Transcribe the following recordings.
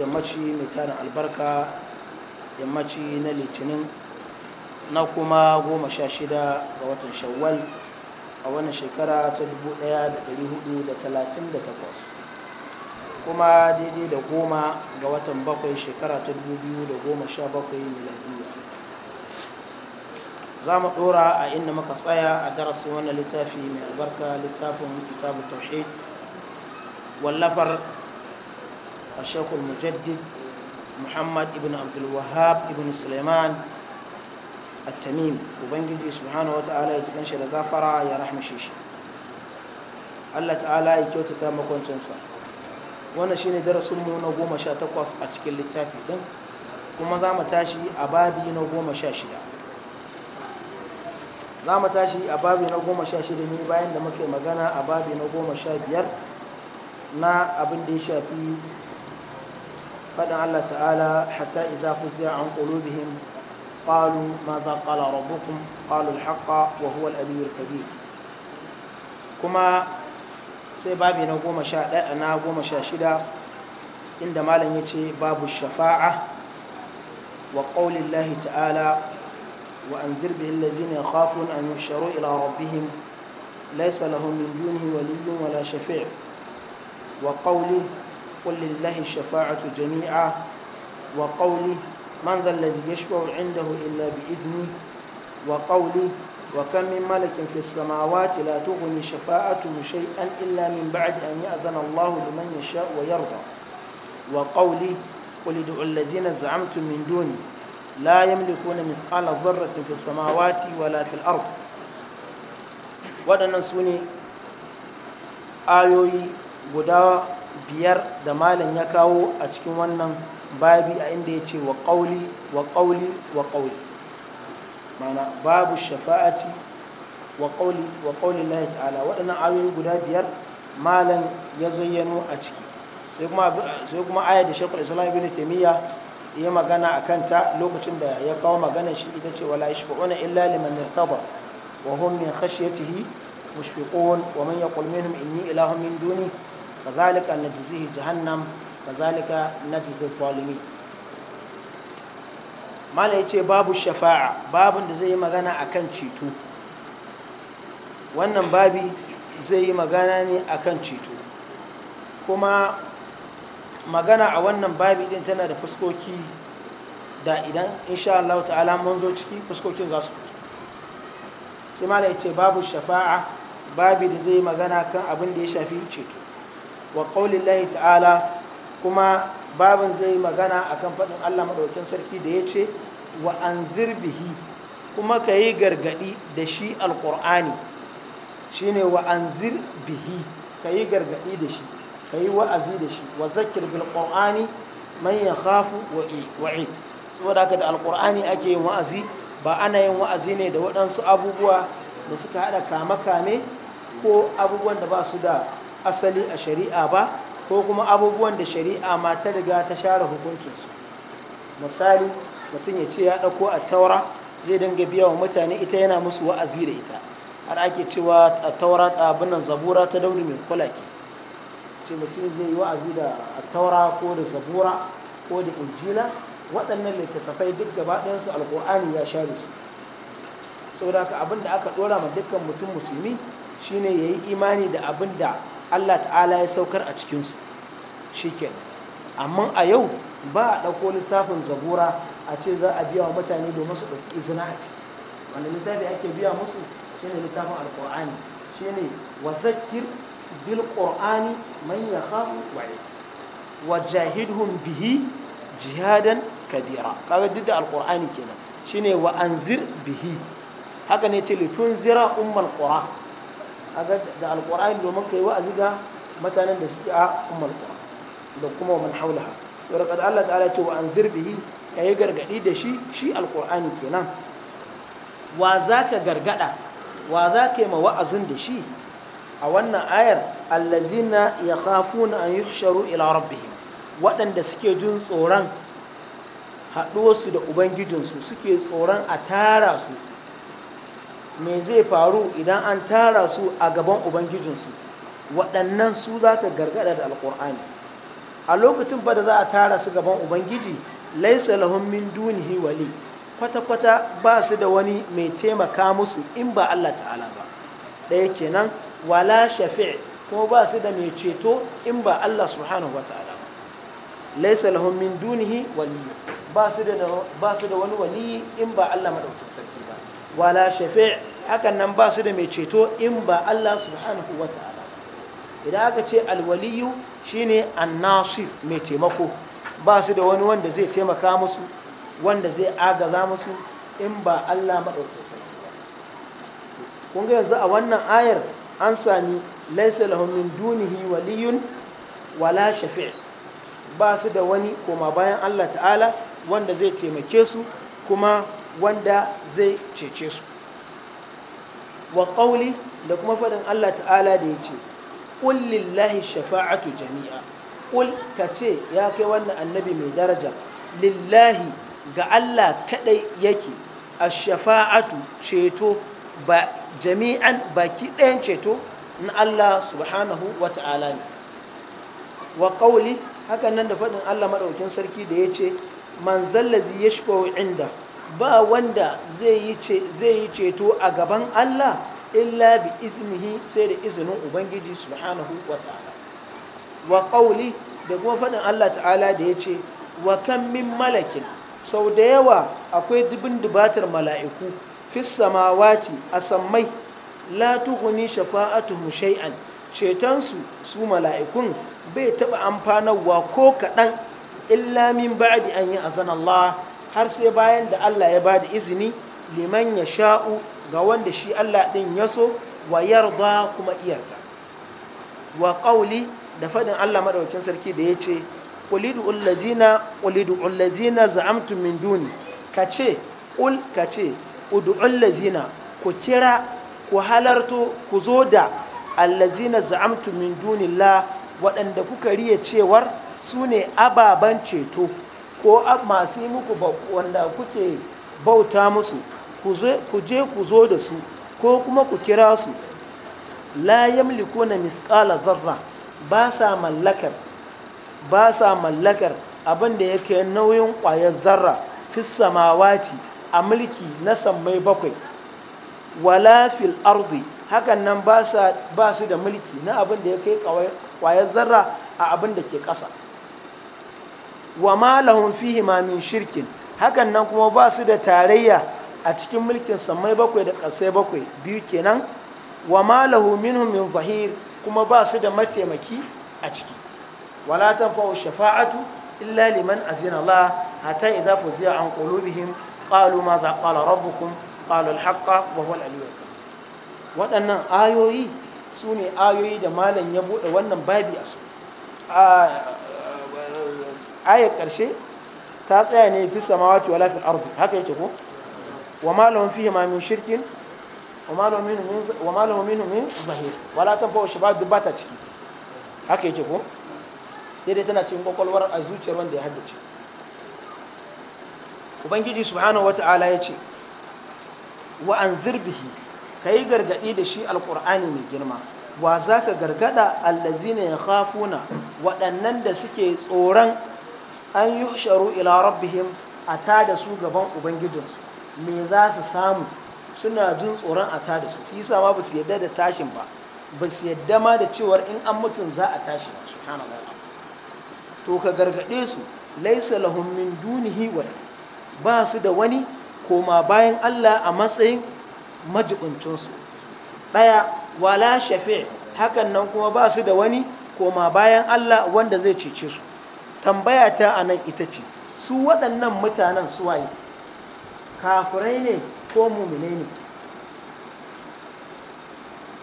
yammaci mai tarin albarka yammaci na litinin na kuma goma sha shida ga watan shawwal a wannan shekara ta 1438 kuma daidai da goma ga watan bakwai shekara ta 2017 miladiya za mu dora a inda muka tsaya a darasin wannan littafi mai albarka littafin kitabu tauhid wallafar الشيخ المجدد محمد ابن عبد الوهاب ابن سليمان التميم وبنجي سبحانه وتعالى يتكنش لغفرة يا رحمة شيش الله تعالى يكيوت تاما كونتنسا وانا شيني درس المونة وقوم شا تقوص أتكل التافي دم كما دام تاشي أبابي نقوم شا شدا دام تاشي أبابي نقوم شا شدا مي باين دمكي مغانا أبابي نقوم شا بيار na abin da ya shafi فدعا الله تعالى حتى إذا فزع عن قلوبهم قالوا ماذا قال ربكم قالوا الحق وهو الأبي الكبير كما سيبابي نقوم شاء نقوم شاشدة عندما لن يتي باب الشفاعة وقول الله تعالى وأنذر به الذين يخافون أن يحشروا إلى ربهم ليس لهم من دونه ولي ولا شفيع وقوله قل لله الشفاعة جميعا وقولي من ذا الذي يشفع عنده إلا بإذنه وقولي وكم من ملك في السماوات لا تغني شفاعته شيئا إلا من بعد أن يأذن الله لمن يشاء ويرضى وقولي قل ادعوا الذين زعمتم من دوني لا يملكون مثقال ذرة في السماوات ولا في الأرض ودنا نسوني آيوي ayoyi biyar da malam ya kawo a cikin wannan babi a inda ya ce wa ƙauli wa ƙauli wa ƙauli mana babu shafa'ati wa ƙauli wa ƙauli lahi ta'ala waɗannan ayoyi guda biyar malam ya zayyano a ciki sai kuma aya da shekul islam ibn taimiyya ya magana a kanta lokacin da ya kawo maganar shi ita ce wala yashfa'una illa liman irtaba wa hum min khashyatihi mushfiqun wa man yaqul minhum inni ilahun min duni kazalika najzihi jahannam kazalika najzi zalimin ya ce babu shafa'a babin da zai yi magana akan ceto wannan babi zai yi magana ne akan ceto kuma magana a wannan babi din tana da fuskoki da idan insha Allah ta'ala mun zo ciki fuskokin za su fito sai ya ce babu shafa'a babi da zai yi magana kan abin da ya shafi ceto wa qaulillahi ta'ala kuma babin zai magana akan faɗin Allah maɗaukin sarki da ya ce wa an zirbihi kuma ka yi gargaɗi da shi alƙur'ani shi ne wa an zirbihi ka yi gargaɗi da shi ka yi wa'azi da shi wa zakir bil ƙur'ani man ya khafu wa'i saboda haka da alƙur'ani ake yin wa'azi ba ana yin wa'azi ne da waɗansu abubuwa da suka haɗa kame-kame ko abubuwan da ba su da asali a shari'a ba ko kuma abubuwan da shari'a ma ta riga ta share hukuncin su misali mutum ya ce ya ɗauko a taura zai dinga biya wa mutane ita yana musu wa'azi da ita har ake cewa a taura abin zabura ta dauri mai kulaki ce mutum zai yi wa'azi da taura ko da zabura ko da injila waɗannan littattafai duk gaba ɗayansu alƙur'ani ya share su saboda haka abin da aka ɗora ma dukkan mutum musulmi shine ya yi imani da abin da Allah ta'ala ya saukar a cikinsu shi amma a yau ba a ɗauko littafin zabura a ce za a biya wa mutane domin su ɗauki izina a ciki wanda littafi ake biya musu ne littafin alƙur'ani shine wa zakir bil ƙurani man yakhafu waye wa jahidhum bihi jihadan kabira kaga duk da alƙur'ani kenan shine wa anzir bihi haka ne ce litunzira ummal qura da alƙur'ani domin kai wa'azi ga mutanen da suke a ummul da kuma man haulaha to da Allah ta'ala ce wa anzir bihi yayi gargadi da shi shi alƙur'ani kenan wa zaka gargada wa zaka yi ma wa'azin da shi a wannan ayar allazina yakhafuna an yuhsharu ila rabbihim waɗanda suke jin tsoron haɗuwarsu da ubangijinsu suke tsoron a tara su me zai faru idan an tara su a gaban ubangijinsu waɗannan su za ka gargada da alƙur'ani a lokacin ba da za a tara su gaban ubangiji laisa lahum min dunihi wali kwata-kwata ba su da wani mai taimaka musu in ba Allah ta'ala ba ɗaya kenan wala shafi' kuma ba su da mai ceto in ba Allah subhanahu wa ta'ala ba laisa lahum min dunihi wali ba su da wani wali in ba Allah madaukakin sarki ba wala shafi' hakan nan ba su da mai ceto in ba Allah subhanahu wa ta'ala idan aka ce alwaliyu shine annasir mai taimako ba su da wani wanda zai taimaka musu wanda zai agaza musu in ba Allah maɗauki sarki ba kun ga yanzu a wannan ayar an sami laisa lahum min dunihi waliyun wala shafi' ba su da wani koma bayan Allah ta'ala wanda zai taimake su kuma wanda zai cece su wa ƙauli da kuma faɗin Allah ta'ala da ya ce lillahi shafa'atu jami'a ƙul ka ce ya kai wannan annabi mai daraja lillahi ga Allah kaɗai yake a shafa'atu ceto ba jami'an baki ɗayan ceto na Allah subhanahu wa ta'ala ne wa ƙauli hakan nan da faɗin Allah maɗaukin sarki da ya ce man ya ya inda ba wanda zai yi ceto a gaban Allah illa bi iznihi sai da izinin ubangiji subhanahu wa ta'ala wa ƙauli da kuma faɗin Allah ta'ala da ya ce wa kan min malakin sau da yawa akwai dubin dubatar mala'iku fis wati a sammai la tuhuni shafa'atu shay'an cetonsu su mala'ikun bai taɓa amfanarwa ko kaɗan illa min ba'adi an yi azan Allah har sai bayan da Allah ya ba da izini liman ya sha'u ga wanda shi Allah ɗin ya so wa yarda kuma iyarda wa ƙauli da faɗin Allah maɗaukin sarki da ya ce ƙulidu ullazina za'amtu min duni ka ce ƙul ka ce udu'ullazina ku kira ku halarto ku zo da allazina za'amtu min duni la waɗanda kuka riya cewar su ne ababen ceto ko masu yi muku wanda kuke bauta musu ku je ku zo da su ko kuma ku kira su la yamliku na misƙala zarra ba sa mallakar ba sa mallakar abin da yake nauyin ƙwayar zarra fi samawati a mulki na sammai bakwai wala fil ardi hakan nan ba su da mulki na abin da ya kai ƙwayar zarra a abin da ke ƙasa wa ma lahun fihi ma shirkin hakan nan kuma ba su da tarayya a cikin mulkin samai bakwai da ƙasai bakwai biyu kenan wa ma lahu minhum min zahir kuma ba su da mataimaki a ciki wala tanfa'u shafa'atu illa liman azina Allah hatta idza fuzi'a an qulubihim qalu madha qala rabbukum qalu al-haqqa wa huwa al waɗannan ayoyi su ne ayoyi da malam ya buɗe wannan babi a su ayar karshe ta tsaya ne fi samawati wala fil ardi haka yake ko wa ma lahum ma min shirkin wa ma lahum minhu min wa ma lahum minhu wala tanfa'u shabab duk bata ciki haka yake ko sai dai tana cikin kwakwalwar a zuciyar wanda ya haddace ubangiji subhanahu wata'ala ya ce wa an zirbihi ka yi gargaɗi da shi alƙur'ani mai girma wa za ka gargaɗa allazina ya khafuna waɗannan da suke tsoron an yi sharu ila rabbihim a ta da su gaban ubangijinsu me za su samu suna jin tsoron a ta da su kisa ma ba su yadda da tashin ba ba su yadda ma da cewar in an mutum za a tashi ba su to ka gargaɗe su laisa lahum min dunihi wani ba su da wani koma bayan Allah a matsayin majibincinsu ɗaya wala shafi hakan nan kuma ba su da wani koma bayan Allah wanda zai cece su tambaya ta a nan ita ce su waɗannan mutanen suwaye kafirai ne ko mumine ne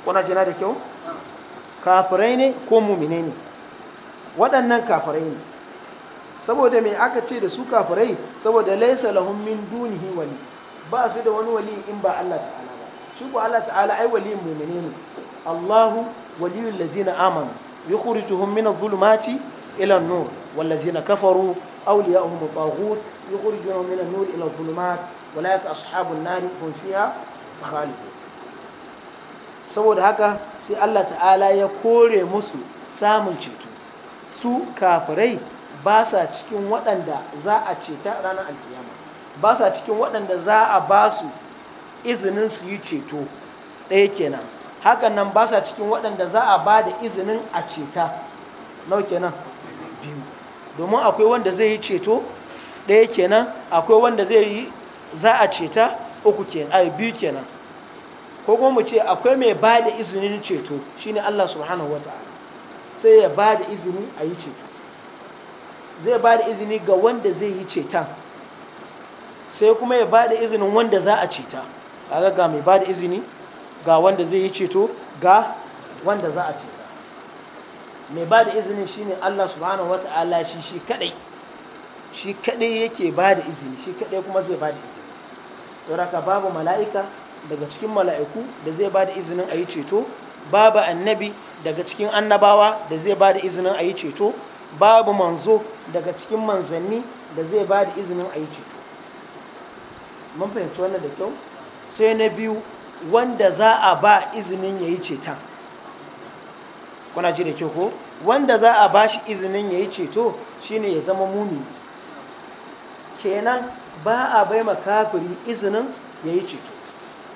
kuna jina da kyau kafirai ne ko mumine ne waɗannan kafirai ne saboda mai aka ce da su kafirai saboda laisa lahum min dunihi wani ba su da wani wali in ba Allah ta'ala ba shi ko Allah ta'ala ai wali mumine ne Allahu waliyul ladina amanu yukhrijuhum min adh-dhulumati ila an-nur والذين كفروا أولياؤهم الطاغوت يخرجون من النور إلى الظلمات ولاك أصحاب النار هم فيها خالدون saboda haka sai Allah ta'ala ya kore musu samun ceto su kafirai ba sa cikin waɗanda za a ceta ranar alkiyama ba sa cikin waɗanda za a ba su izinin su yi ceto ɗaya kenan hakan nan ba sa cikin waɗanda za a ba da izinin a ceta nau kenan domin akwai wanda zai yi ceto ɗaya kenan akwai wanda zai yi za a ceta uku kenan ai biyu kenan ko kuma mu ce akwai mai ba da izinin ceto shine Allah subhanahu wata'ala sai ya ba da izini a yi ceto zai ba da izini ga wanda zai yi cetan sai kuma ya ba da izinin wanda za a ceta kaga ga mai ba da izini ga wanda zai yi ceto ga wanda za a ceta mai ba da izinin shine Allah subhanahu wata'ala shi shi kadai shi kadai yake ba da izini shi kadai kuma zai ba da izini to raka babu mala'ika daga cikin mala'iku da zai ba da izinin a yi ceto babu annabi daga cikin annabawa da zai ba da izinin a yi ceto babu manzo daga cikin manzanni da zai ba da izinin a yi ceto mun fahimci wannan da kyau sai na biyu wanda za a ba izinin ya yi ceton kuna ji da ke ko wanda za a ba shi izinin ya yi ceto shine ya zama muni kenan ba a bai ma kafiri izinin ya yi ceto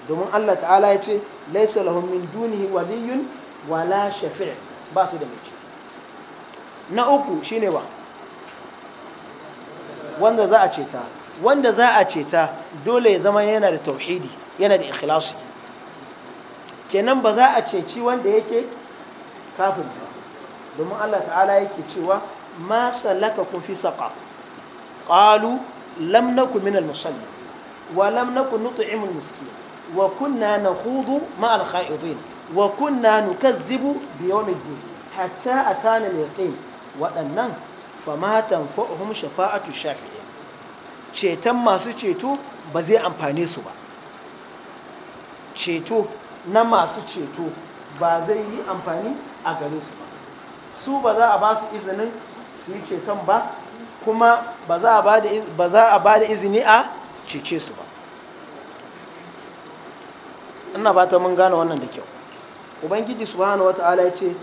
domin allah ta'ala ya ce laisa lahum min dunihi waliyun wala shafi' ba su da mace na uku shine ba wanda za a ceta wanda za a ceta dole ya zama yana da tauhidi yana da ikhlasi kenan ba za a ceci wanda yake kafin domin Allah ta'ala yake cewa ma salaka kun fi saƙa. Ƙalu lam min al musalli wa lam naku nut'imu al wa kunna nakhudu ma al wa kunna nukazzibu bi yawmiddin hatta atana al yaqin waɗannan fama tanfa'uhum shafa'atu shafi'i ceton masu ceto ba zai amfane su ba ceto na masu ceto ba zai yi amfani a garin su ba su ba za a ba su izinin su yi ceton ba kuma ba za a ba da izini a cece su ba ina ba ta mun gane wannan da kyau ubangiji subhanahu wata'ala ya ce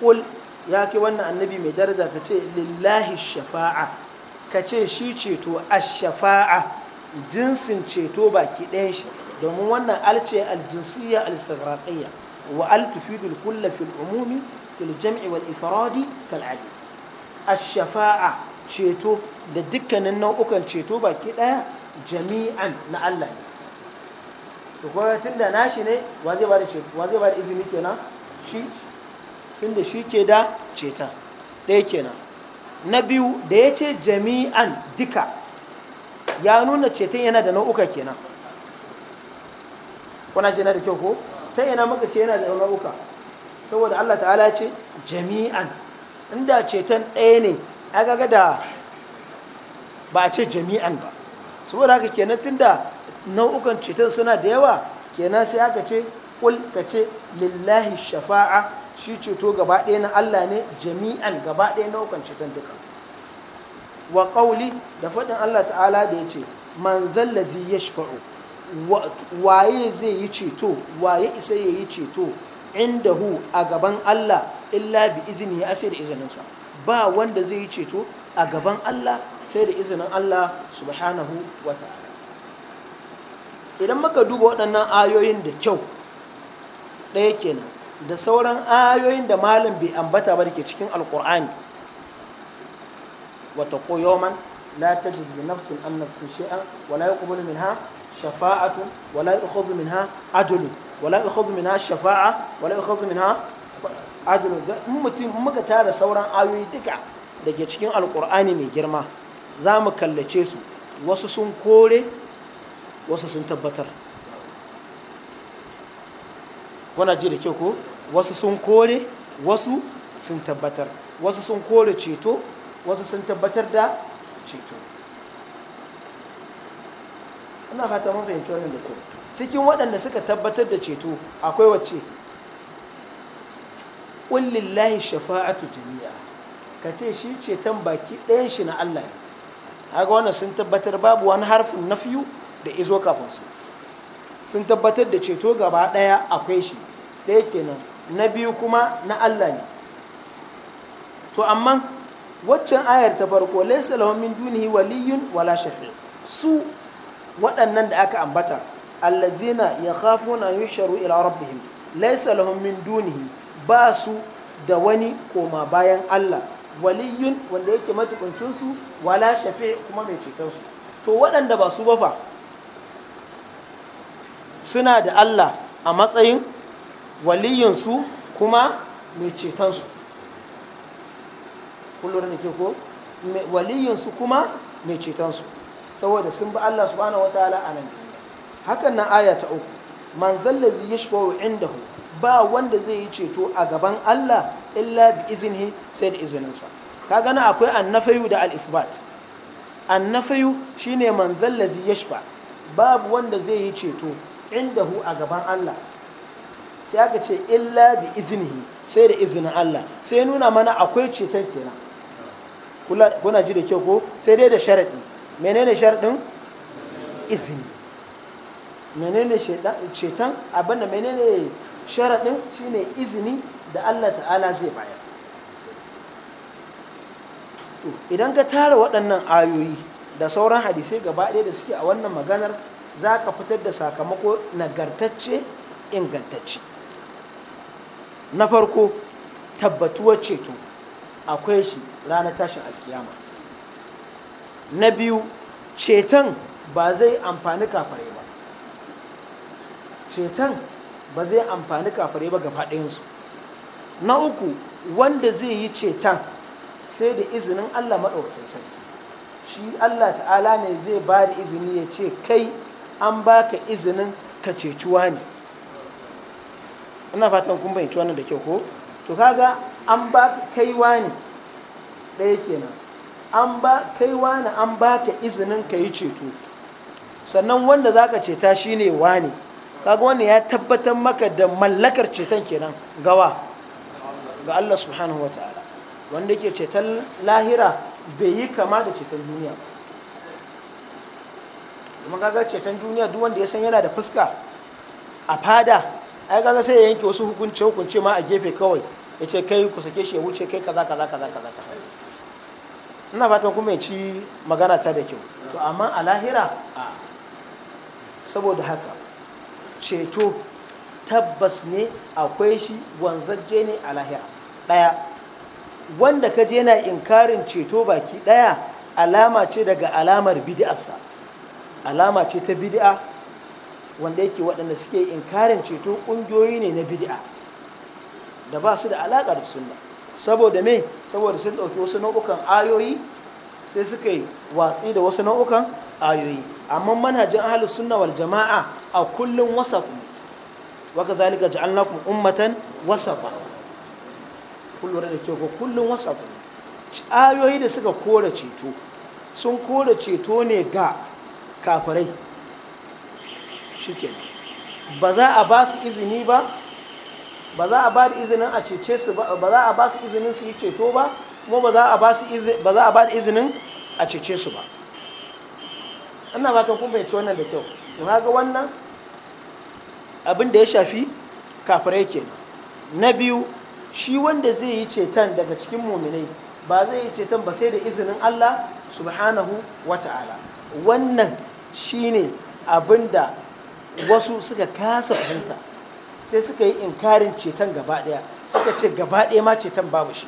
kul ya ke wannan annabi mai daraja ka ce lillahi shafa'a ka ce shi ceto a shafa'a jinsin ceto baki ɗayan shi domin wannan alce aljinsiyya al وأل تفيد الكل في العموم في الجمع والإفراد كالعدل الشفاعة ceto da dukkanin nau'ukan ceto baki ɗaya jami'an na Allah ne to kuma tun da nashi ne wa zai ba da izini kenan shi tun da shi ke da ceta na biyu da ya ce jami'an duka ya nuna ceton yana da nau'uka kenan kuna ce na da kyau ko ta yana maka ce yana da nau'uka saboda Allah ta'ala ce jami'an inda ceton ɗaya ne a gaga da ba a ce jami'an ba saboda haka kenan tunda nau'ukan ceton suna da yawa kenan sai aka ce kul ka ce lillahi shafa'a shi ceto gaba ɗaya na Allah ne jami'an gaba ɗaya nau'ukan ceton duka wa ƙauli da faɗin Allah ta'ala da ya ce man lazi ya shafa'u waye zai yi ceto waye isa ya yi ceto inda hu a gaban Allah illa bi izini ya sai da izininsa ba wanda zai yi ceto a gaban Allah sai da izinin Allah subhanahu wa ta'ala idan muka duba waɗannan ayoyin da kyau ɗaya kenan da sauran ayoyin da malam bai ambata ba da ke cikin alkur'ani wata ko yawman la tajzi nafsin an nafsin shay'an wa la minha شفاعة ولا يؤخذ منها عدل ولا يؤخذ منها شفاعة ولا يؤخذ منها عدل mutum muka tara sauran ayoyi duka da cikin alkur'ani mai girma za mu kallace su wasu sun kore wasu sun tabbatar kuna ji da kyau ko wasu sun kore wasu sun tabbatar wasu sun kore ceto wasu sun tabbatar da ceto ina fata mun fahimci wannan da kyau cikin waɗanda suka tabbatar da ceto akwai wacce ƙullillahi shafa'atu jami'a ka ce shi ceton baki ɗayan shi na Allah ne haka wannan sun tabbatar babu wani harfin nafiyu da izo kafin su sun tabbatar da ceto gaba ɗaya akwai shi ɗaya kenan na biyu kuma na Allah ne to amma waccan ayar ta farko laysa lahum min dunihi waliyyun wala shafi' su waɗannan da aka ambata allazina na yusharu ila rabbihim laysa lahum min dunihi ba su da wani koma bayan Allah waliyun wanda yake matukuncin su wala shafi kuma mai ceton su to waɗanda ba su ba fa suna da Allah a matsayin waliyun su kuma mai cetansu. su kullum ne ke ko waliyun su kuma mai su saboda sun bi Allah subhanahu ta'ala a nan hakan nan aya ta uku man zallazi yashfa'u indahu ba wanda zai yi ceto a gaban Allah illa bi iznihi sai da izininsa ka gana akwai annafayu da al-isbat annafayu shine man zallazi yashfa babu wanda zai yi ceto indahu a gaban Allah sai aka ce illa bi iznihi sai da izinin Allah sai nuna mana akwai ceton kenan kuna ji da kyau ko sai dai da sharadi menene sharɗin izini menene shetan abin da menene sharaɗin shine izini da Allah ta'ala zai bayar idan ka tara waɗannan ayoyi da sauran hadisai gaba ɗaya da suke a wannan maganar za ka fitar da sakamako nagartacce ingantacce na farko tabbatuwar ceto akwai shi ranar tashin alkiyama na biyu ceton ba zai amfani kafare ba ceton ba zai amfani kafare ba gaba ɗayansu na uku wanda zai yi ceton sai da izinin allah maɗaukakin sarki shi allah ta'ala ne zai ba da izini ya ce kai an baka izinin ka cecuwa ne ina fatan kun bayyanci wannan da kyau ko to kaga an ba kaiwa ne ɗaya kenan an ba kai wani an baka izinin ka yi ceto sannan wanda zaka ceta shine wani kaga wani ya tabbatar maka da mallakar ceton kenan gawa ga Allah subhanahu wa ta'ala wanda ke ceton lahira bai yi kama da ceton duniya ba kuma kaga ceton duniya duk wanda ya san yana da fuska a fada ai kaga sai ya yanke wasu hukunce hukunce ma a gefe kawai ya ce kai ku sake shi ya wuce kai kaza kaza kaza kaza kaza ina fatan kuma ya ci magana ta da kyau to amma a lahira saboda haka ceto tabbas ne akwai shi wanzajje ne a lahira ɗaya wanda ka je na inkarin ceto baki ɗaya alama ce daga alamar bid'arsa alama ce ta bid'a wanda yake waɗanda suke inkarin ceto ƙungiyoyi ne na bid'a da ba su da alaƙa da sunna saboda me saboda sun ɗauki wasu nau'ukan ayoyi sai suka yi watsi da wasu nau'ukan ayoyi amma manhajin ahlus sunna wal jama'a a kullum wasaf ne wa kadhalika ja'alnakum ummatan wasafa kullum da ke ko kullum wasaf ayoyi da suka kore ceto sun kore ceto ne ga kafirai shikenan ba za a ba su izini ba ba za a ba da izinin a cece su ba za a ba su izinin su yi ceto ba kuma ba za a ba su ba za a ba da izinin a cece su ba ina fatan kun fahimci wannan da kyau to kaga wannan abin da ya shafi kafirai ke na biyu shi wanda zai yi ceton daga cikin muminai ba zai yi ceton ba sai da izinin Allah subhanahu wa ta'ala wannan shine abin da wasu suka kasa fahimta sai suka yi inkarin ceton gaba daya suka ce gaba daya ma ceton babu shi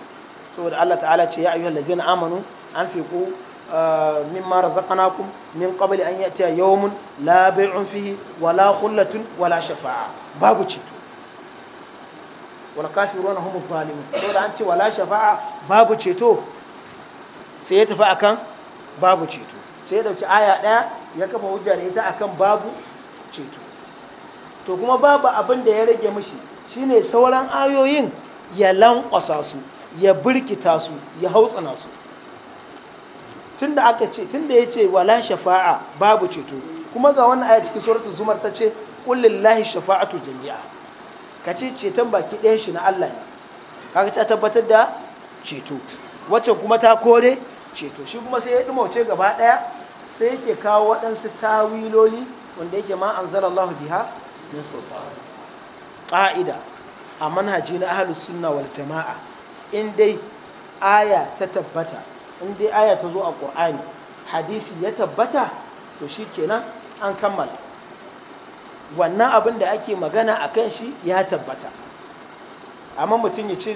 saboda Allah ta'ala ce ya ayyuhal ladina amanu an fi ku ah, mimma razaqnakum min qabli an ya'tiya yawmun la bay'un fihi wala khullatun wala shafa'a babu ceto wal kafiruna humu zalimun saboda an ce wala shafa'a babu ceto sai ya tafi akan babu ceto sai ya dauki aya daya ya kafa hujja ne ta akan babu ceto to kuma babu abin da ya rage mishi shine sauran ayoyin ya lankwasa su ya birkita su ya hautsana su tunda aka ce tunda ya wala shafa'a babu ceto kuma ga wannan aya cikin suratul zumar ta ce qul lillahi shafa'atu jami'a kace ceton baki ɗayan shi na Allah ne kaga ta tabbatar da ceto wacce kuma ta kore ceto shi kuma sai ya dumauce gaba ɗaya sai yake kawo waɗansu tawiloli wanda yake ma Allah biha min sultan ƙa'ida a manhaji na ahalus sunna wal jama'a in dai aya ta tabbata in dai aya ta zo a ƙur'ani hadisi ya tabbata to shi kenan an kammala wannan abin da ake magana a kan shi ya tabbata amma mutum ya ce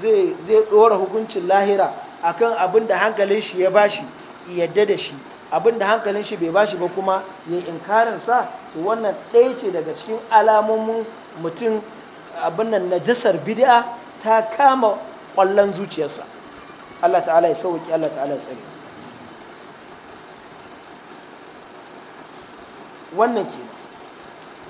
zai ɗora hukuncin lahira akan abin da hankalin shi ya bashi yadda da shi abin da hankalin shi bai bashi ba kuma ya inkarin sa to wannan ɗaya ce daga cikin alamomin mutum abin nan najasar bid'a ta kama ƙwallon zuciyarsa Allah ta'ala ya sauƙi Allah ta'ala ya tsare wannan ke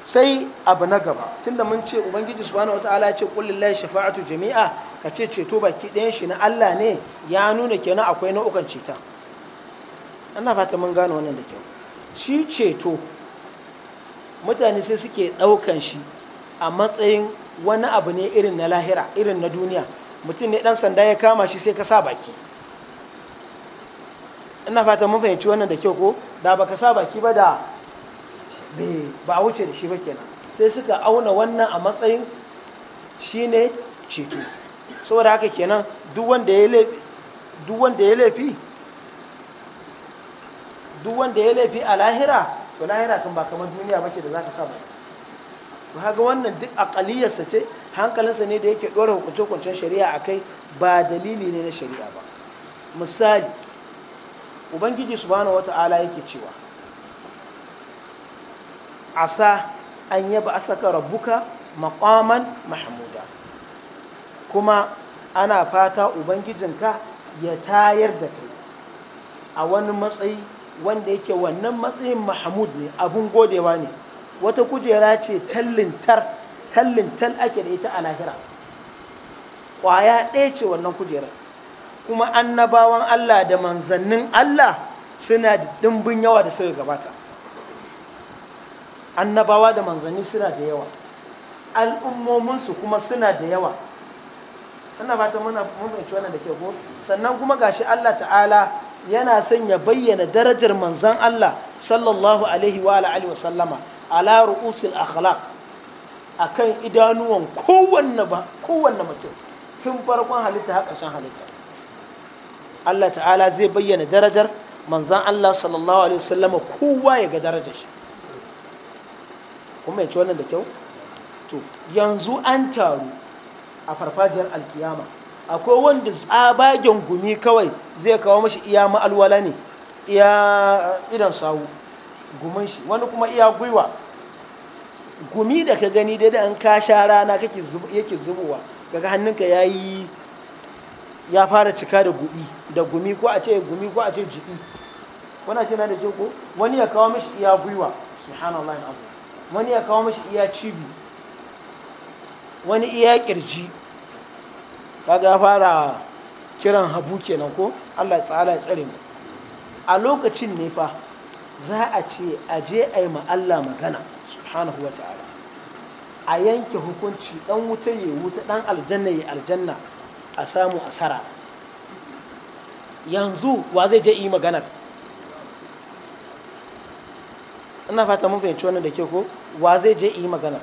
sai abu na gaba tunda mun ce ubangiji subhanahu wataala ya ce qul shafa'atu jami'a ka ce ceto baki ɗayan shi na Allah ne ya nuna kenan akwai nau'ukan cita ana fata mun gane wannan da kyau shi ceto mutane sai suke ɗaukan shi a matsayin wani abu ne irin na lahira irin na duniya mutum ne ɗan sanda ya kama shi sai ka sa baki ina fata mun fahimci wannan da kyau ko da baka sa baki ba da ba a wuce da shi ba kenan sai suka auna wannan a matsayin shi ne ceto saboda haka kenan duk wanda ya laifi duk wanda ya laifi a lahira to lahira kan ba kamar duniya ba ce da za zaka Ba ha haga wannan duk aqaliyarsa ce hankalinsa ne da yake dora hukunce-hukuncen shari'a akai ba dalili ne na shari'a ba misali ubangiji subhanahu wata'ala yake cewa asa an yaba asaka rabbuka maqaman mahmuda kuma ana fata ubangijinka ya tayar da kai a wani matsayi wanda yake wannan matsayin mahmud ne abun godewa ne wata kujera ce tallintar tallintar ake da ita a lahira ƙwaya ɗaya ce wannan kujerar kuma annabawan Allah da manzannin Allah suna da ɗimbin yawa da suka gabata annabawa da manzanni suna da yawa al'ummominsu kuma suna da yawa ana fata muna fahimci wannan da ke ko sannan kuma gashi Allah ta'ala yana son ya bayyana darajar manzan Allah sallallahu alaihi wa alihi wa sallama ala ru'usil akhlaq akan idanuwan kowanne ba kowanne mutum tun farkon halitta har ƙarshen halitta Allah ta'ala zai bayyana darajar manzan Allah sallallahu alaihi wa wasallama kowa ya ga darajar shi kuma ya ci wannan da kyau to yanzu an taru a farfajiyar alkiyama akwai wanda tsabagen gumi kawai zai kawo mashi iya ma'alwala ne iya idan sawu gumin shi wani kuma iya gwiwa gumi da ka gani dai da an ka sha rana kake yake zubowa kaga hannunka yayi ya fara cika da gumi da gumi ko a ce gumi ko a ce jiki wani ce na da ko wani ya kawo mashi iya gwiwa subhanallah azim wani ya kawo mashi iya cibi wani iya kirji kaga fara kiran habu kenan ko Allah tsara ya tsare mu a lokacin ne fa za a ce a je a yi ma Allah magana subhanahu wa ta'ala a yanke hukunci dan wuta ya wuta dan aljanna ya aljanna a samu asara yanzu wa zai je yi maganar ina fata mun fahimci wannan da ke ko wa zai je yi maganar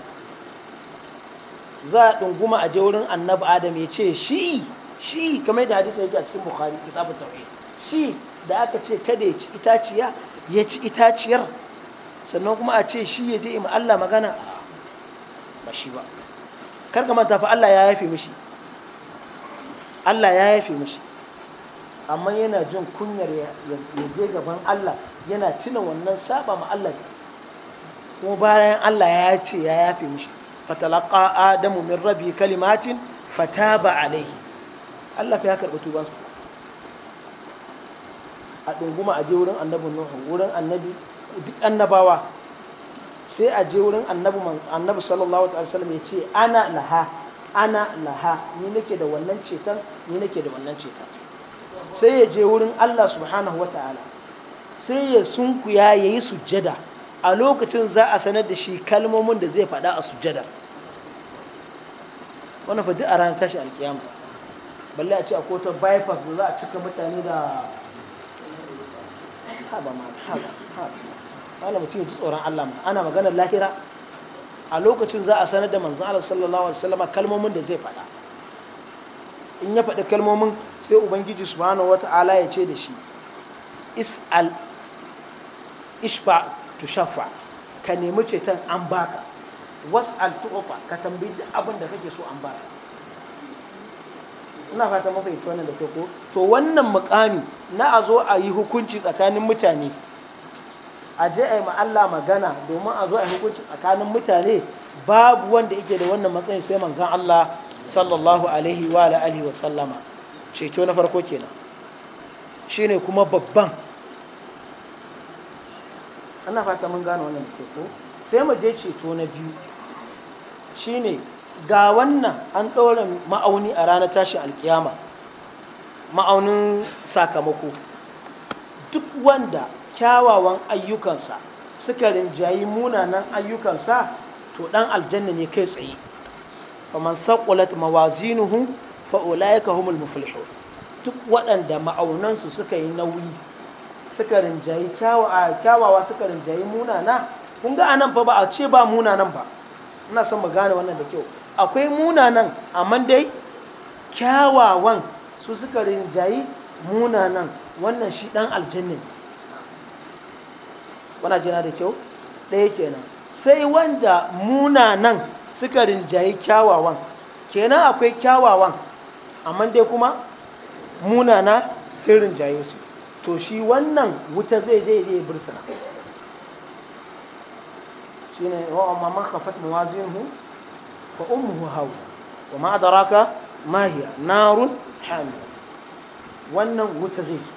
za a ɗunguma a je wurin annabi adam ya ce shi shi kamar da hadisa yake a cikin bukhari kitabun tauhid shi da aka ce kada ya ci itaciya ya ci itaciyar sannan kuma a ce shi ya je ima Allah magana ba shi ba kar ka manta fa Allah ya yafe mishi Allah ya yafe mishi amma yana jin kunyar ya je gaban Allah yana tuna wannan saba ma Allah kuma bayan Allah ya ce ya yafe mishi Fatalaka adamu min rabbi kalimatin fataba alaihi Allah fa ya karɓi tubansa a ɗunguma a je wurin annabi wurin annabi duk annabawa sai a je wurin annabi annabi sallallahu alaihi ya ce ana laha ana laha ni nake da wannan cetan ni nake da wannan cetan sai ya je wurin Allah subhanahu wa ta'ala sai ya sunkuya yayi sujjada a lokacin za a sanar da shi kalmomin da zai faɗa a sujada Wani fa duk a ranar tashi alkiyama balle a ce a kotar bypass da za a cika mutane da haba ma haba haba wala mutum ji tsoron Allah ma ana maganar lahira a lokacin za a sanar da manzon Allah sallallahu alaihi wasallam kalmomin da zai faɗa in ya faɗi kalmomin sai ubangiji subhanahu wata'ala ya ce da shi is'al ishfa tushaffa ka nemi ceton an baka was'al tu'ta ka tambayi duk abin da kake so an baka ina fata ita wannan da ke ko to wannan mukami na a zo a yi hukunci tsakanin mutane a je a yi Allah magana domin a zo a yi hukunci tsakanin mutane babu wanda yake da wannan matsayin sai manzan Allah sallallahu alaihi wa alihi wa sallama ceto na farko kenan shine kuma babban ana fata mun gane wannan ke ko sai mu je ceto na biyu shine ga wannan an ɗora ma'auni a ranar tashi alkiyama ma'aunin sakamako duk wanda kyawawan ayyukansa suka rinjayi munanan ayyukansa to ɗan aljanna ne kai tsaye faman thaqulat mawazinuhu fa ulaika humul muflihun duk waɗanda ma'aunansu suka yi nauyi suka rinjayi kyawawa suka rinjayi munana kun ga anan fa ba a ce ba munanan ba ina son mu gane wannan da kyau akwai munanan amma dai kyawawan su suka rinjayi munanan wannan shi dan aljanna wana jina da kyau ɗaya kenan sai wanda munanan suka rinjayi kyawawan kenan akwai kyawawan amma dai kuma munana sun rinjaye su to shi wannan wuta zai je ya bursuna ne wa amma man khafat mawazinuhu fa ummuhu hawiya wa ma adraka ma hiya narun hamiya wannan wuta zai je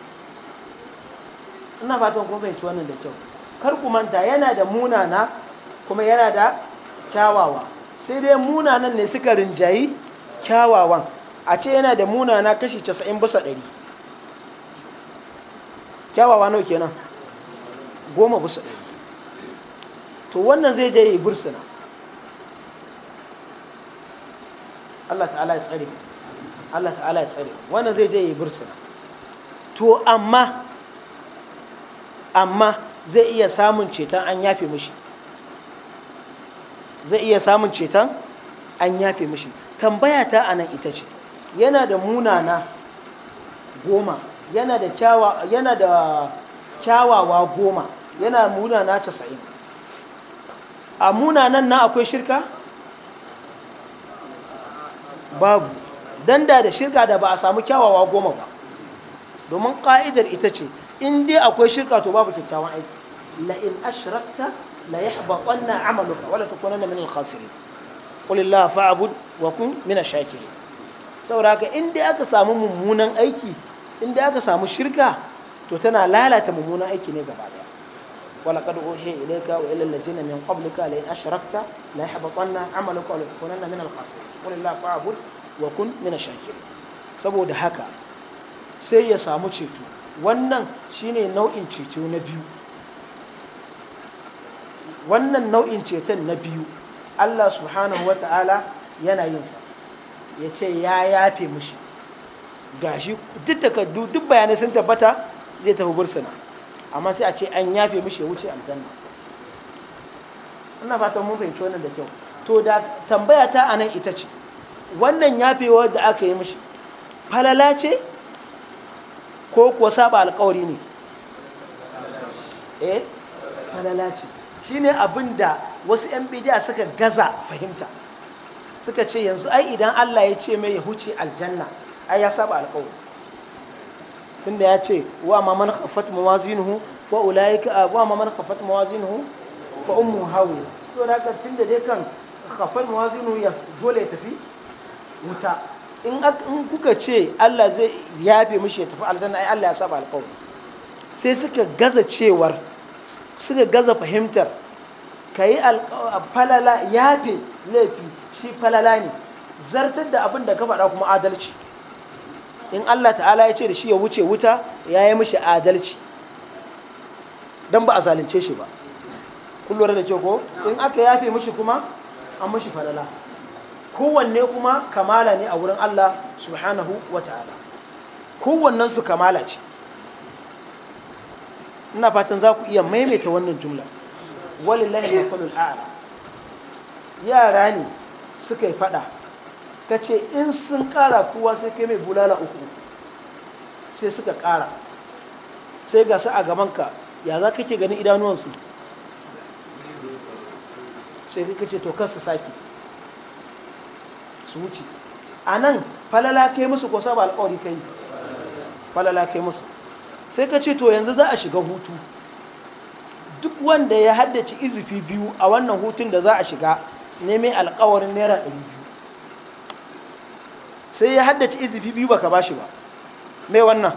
ina fatan kun fahimci wannan da kyau kar ku manta yana da munana kuma yana da kyawawa sai dai munanan ne suka rinjayi kyawawan a ce yana da munana kashi 90 bisa 100 kyawawa nawa kenan goma bisa ɗari to wannan zai je yi bursuna Allah ta'ala ya tsare Allah ta'ala ya tsare wannan zai je yi bursuna to amma amma zai iya samun ceton an yafe mishi zai iya samun ceton an yafe mishi tambaya ta anan ita ce yana da munana goma yana da kyawa yana da kyawawa goma yana munana casa'in a munanan na akwai shirka babu danda da da shirka da ba a samu kyawawa goma ba domin ka'idar ita ce in dai akwai shirka to babu kyakkyawan aiki la in ashrakta la yahbatanna amaluka wala takunanna min al-khasirin qul fa'bud wa kun min ash-shakirin saboda haka in dai aka samu mummunan aiki in da aka samu shirka to tana lalata mummunan aiki ne gaba daya wala qad uhiya ilayka wa ila alladhina min qablika la in ashrakta la yahbatanna 'amaluka wa la takunanna min al-khasirin qul la fa'bud wa kun min ash-shakirin saboda haka sai ya samu ceto wannan shine nau'in ceto na biyu wannan nau'in ceton na biyu Allah subhanahu wa ta'ala yana yinsa ya ce ya yafe mushi gashi duk takardu duk bayanai sun tabbata zai tafi bursuna amma sai a ce an yafe mishi wuce aljanna ina fatan mun fahimci wannan da kyau to da tambaya ta anan ita ce wannan yafewa da aka yi mishi falala ce ko kuwa saba alkawari ne eh falala ce shine abin da wasu 'yan bidiya suka gaza fahimta suka ce yanzu ai idan allah ya ce mai ya huce aljanna ai ya saba alƙawari tunda ya ce wa ma man khaffat mawazinuhu fa ulaika wa ma man khaffat mawazinuhu fa ummu hawi to da haka tunda dai kan khaffal mawazinuhu ya dole ya tafi wuta in kuka ce Allah zai yafe mishi ya tafi aljanna ai Allah ya saba alƙawari sai suka gaza cewar suka gaza fahimtar ka yi falala yafe laifi shi falala ne zartar da abin da ka faɗa kuma adalci in Allah ta'ala ya ce da shi ya wuce wuta ya yi mishi adalci don ba a zalunce shi ba kullum da ke ko in aka yafe mishi kuma an mishi falala kowanne kuma kamala ne a wurin Allah subhanahu wa ta'ala kowannen su kamala ce ina fatan za ku iya maimaita wannan jumla walillahi masalul yara ne suka yi fada ta ce in sun kara kowa sai kai mai bulala uku sai suka kara sai ga su a gabanka ya za kake ganin idanuwansu sai kai ce to kansu saki su wuce a nan falala kai musu ko saba alkawari kai falala kai musu sai ka ce to yanzu za a shiga hutu duk wanda ya haddace izifi biyu a wannan hutun da za a shiga neme alkawarin naira ɗari sai ya haddace izifi biyu baka bashi ba mai wannan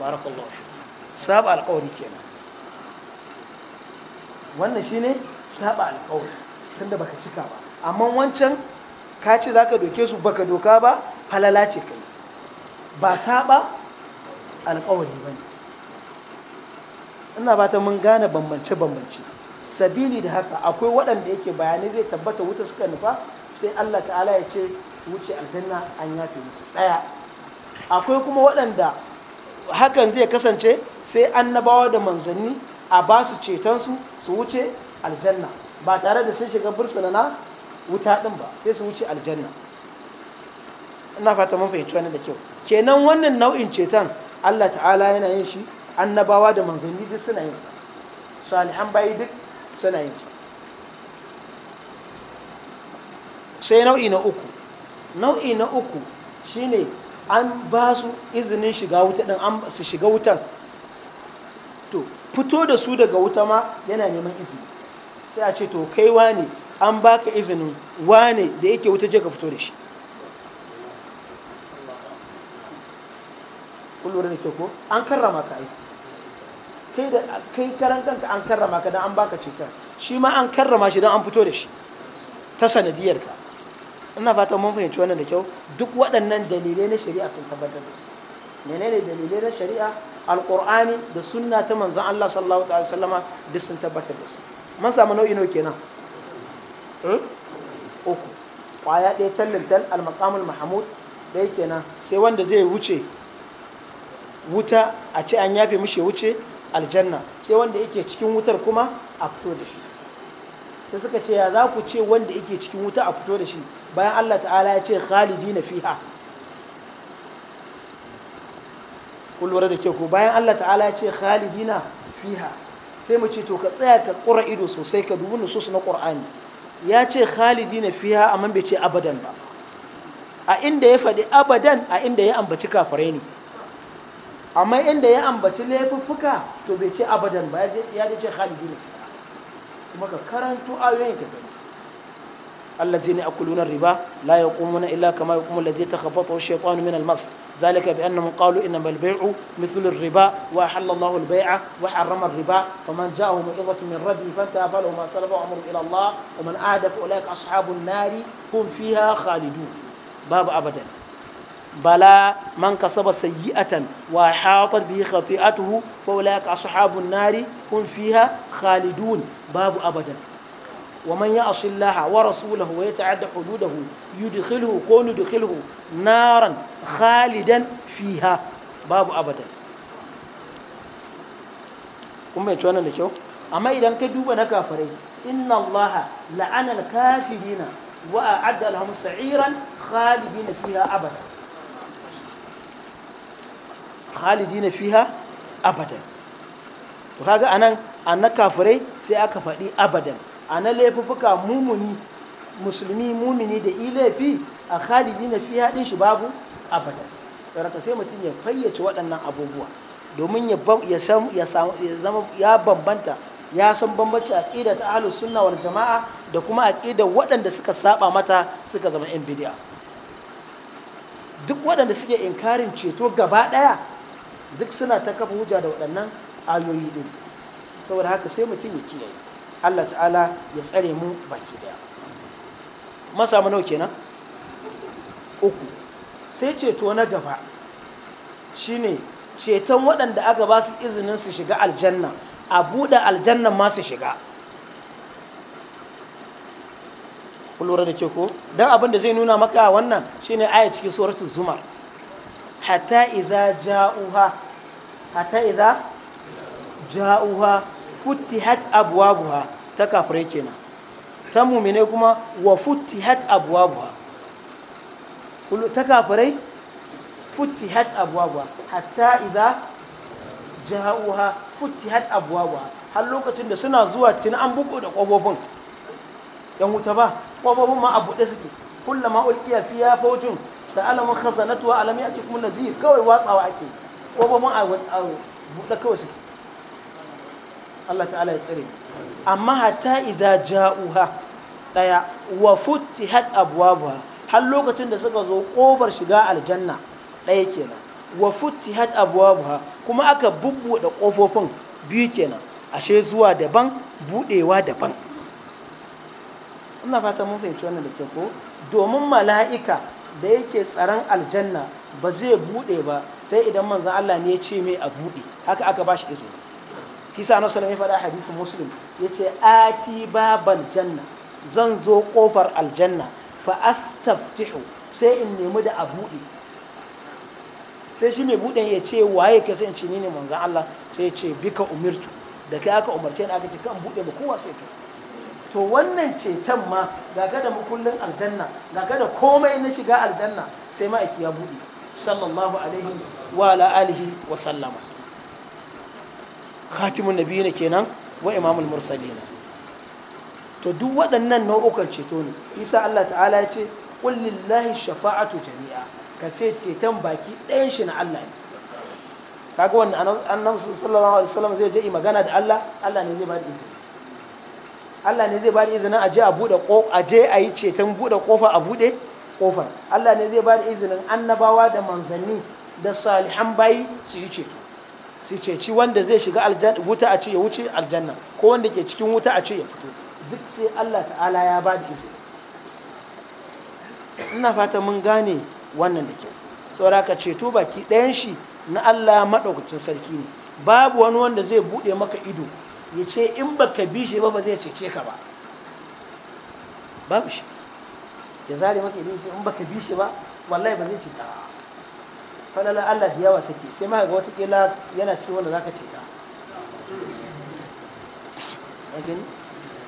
barakallahu saba alƙawari kenan wannan shine saba alƙawari tunda baka cika ba amma wancan ka ce zaka doke su baka doka ba halala ce kai ba saba alƙawari ne ina ba mun gane bambance bambance sabili da haka akwai waɗanda yake bayanai zai tabbata wuta suka nufa sai Allah ta'ala ya ce su wuce aljanna an yafe musu ɗaya akwai kuma waɗanda hakan zai kasance sai annabawa da manzanni a ba su cetonsu su wuce aljanna ba tare da sun shiga bursuna na wuta ɗin ba sai su wuce aljanna ina fata mun fahimci wani da kyau kenan wannan nau'in ceton Allah ta'ala yana yin shi annabawa da manzanni duk suna yin sa salihan bayi duk suna yin sa sai nau'i na uku nau'i na uku shine an ba su izinin shiga wuta din an su shiga wutan to fito da su daga wuta ma yana neman izini sai a ce to kai wane an baka izinin wane da yake wuta je ka fito da shi kullum da ke ko an karrama ka ai kai da kai karan kanka an karrama ka dan an baka ceton shi ma an karrama shi dan an fito da shi ta sanadiyar ka ina fatan mun fahimci wannan da kyau duk waɗannan dalilai na shari'a sun tabbatar da su menene dalilai na shari'a alqur'ani da sunna ta manzon Allah sallallahu alaihi wasallama duk sun tabbatar da su mun samu nau'i nawa kenan hmm? uku kwaya ɗaya tallintal al-maqamul mahmud ɗaya kenan sai wanda zai wuce wuta a ce an yafe mishi wuce aljanna sai wanda yake cikin wutar kuma a fito da shi sai suka ce ya za ku ce wanda yake cikin wuta a fito da shi bayan Allah ta'ala ya ce khalidi na fiha ku lura da ke ku bayan Allah ta'ala ya ce khalidi na fiha sai mu ce to ka tsaya ka ƙura ido sosai ka dubi nusus na ƙur'ani ya ce khalidi na fiha amma bai ce abadan ba a inda ya faɗi abadan a inda ya ambaci kafirai ne amma inda ya ambaci laifuffuka to bai ce abadan ba ya ce khalidi na fiha kuma ka karanto ayoyin ka gani allazi ne akulu na riba la ya kuma na ila kama ya kuma lazi ta kafa ta wasu min almas zalika bi annamu qalu inna bal bai'u mithlu riba wa halallahu al bai'a wa harrama riba fa man ja'ahu mu'izatu min rabbi fa anta fa ma salafa wa amru ila allah wa man aada fa ulaika ashabun nari hum fiha khalidun babu abadan بلا من كسب سيئة وحاطت به خطيئته فأولئك أصحاب النار هم فيها خالدون باب أبدا ومن يعصي الله ورسوله ويتعدى حدوده يدخله كون يدخله نارا خالدا فيها باب أبدا kun bai wannan da kyau amma idan ka duba na kafirai inna allaha la'ana al-kafirina wa a'adda lahum khalidina abada na fiha abadan to kaga anan na kafirai sai aka faɗi abadan ana laifuka mumuni musulmi mumini da ilafi a na fiha din shi babu abadan don sai mutum ya fayyace waɗannan abubuwa domin ya bambanta ya san bambanci aƙida ta ahlus sunna wal jama'a da kuma aƙida waɗanda suka saba mata suka zama yan bida duk waɗanda suke inkarin ceto gaba ɗaya duk suna ta kafa hujja da waɗannan ayoyi ɗin saboda haka sai mutum ya kiyaye Allah ta'ala ya tsare mu baki daya masa mu nau kenan uku sai ceto na gaba shine ceton waɗanda aka ba su izinin su shiga aljanna a buɗe aljannan ma su shiga ku da ke ko don abin da zai nuna maka wannan shine aya cikin tsoratun zumar Hata iza ja'uha hatta idza ja'uha futihat abwabuha ta kafirai kenan ta mumine kuma wa futihat abwabuha ta kafirai futihat abwabuha hatta idza ja'uha futihat abwabuha har lokacin da suna zuwa tun an buko da kwabobin yan wuta ba kwabobin ma a buɗe suke kullama ulqiya fiya fawjun sa'ala mun khazanatu wa alam ya'tikum nadhir kawai watsawa ake ko ba mun a buɗe kawai suke Allah ta'ala ya tsare amma hatta idza ja'uha daya wa futtihat abwabuha har lokacin da suka zo kobar shiga aljanna daya kenan wa futtihat abwabuha kuma aka bubbuɗe kofofin biyu kenan ashe zuwa daban buɗewa daban ina fata mun fahimci wannan da ke ko domin mala'ika da yake tsaron aljanna ba zai buɗe ba sai idan manzan Allah ne ya ce mai a buɗe haka aka ba shi izini kisa na salami faɗa hadisin muslim ya ce ati baban janna zan zo ƙofar aljanna fa astaftihu sai in nemi da a buɗe sai shi mai buɗe ya ce waye ka sai in ce ni ne manzan Allah sai ya ce bika umirtu da ka aka umarce ni aka ce kan buɗe ba kowa sai kai to wannan ceton ma gaga da makullin aljanna ga ka da komai na shiga aljanna sai ma'aiki ya buɗe sallallahu alaihi wa ala wa sallama khatimun nabiyina kenan wa imamul mursalina to duk waɗannan nau'ukan ceto ne isa Allah ta'ala ya ce qul lillahi shafa'atu jami'a ka ce ceton baki ɗayan shi na Allah ne kaga wannan annabi sallallahu alaihi wasallam zai je magana da Allah Allah ne zai ba da izini Allah ne zai ba da izinin aje a bude aje a yi ceton bude kofa a bude kofar Allah ne zai ba da izinin annabawa da manzanni da salihan bayi su yi ceto su ceci wanda zai shiga wuta a ce ya wuce aljanna ko wanda ke cikin wuta a ce ya fito duk sai Allah ta'ala ya ba da izini ina fata mun gane wannan da kyau sauraka ceto baki ɗayan shi na Allah maɗaukacin sarki ne babu wani wanda zai buɗe maka ido ya ce in ba ka bi shi ba ba zai cece ka ba babu shi ya zare maka idan ce in ba ka bi shi ba wallahi ba zai ce ta falala Allah da yawa take sai ma ga watakila yana cikin wanda zaka ce ta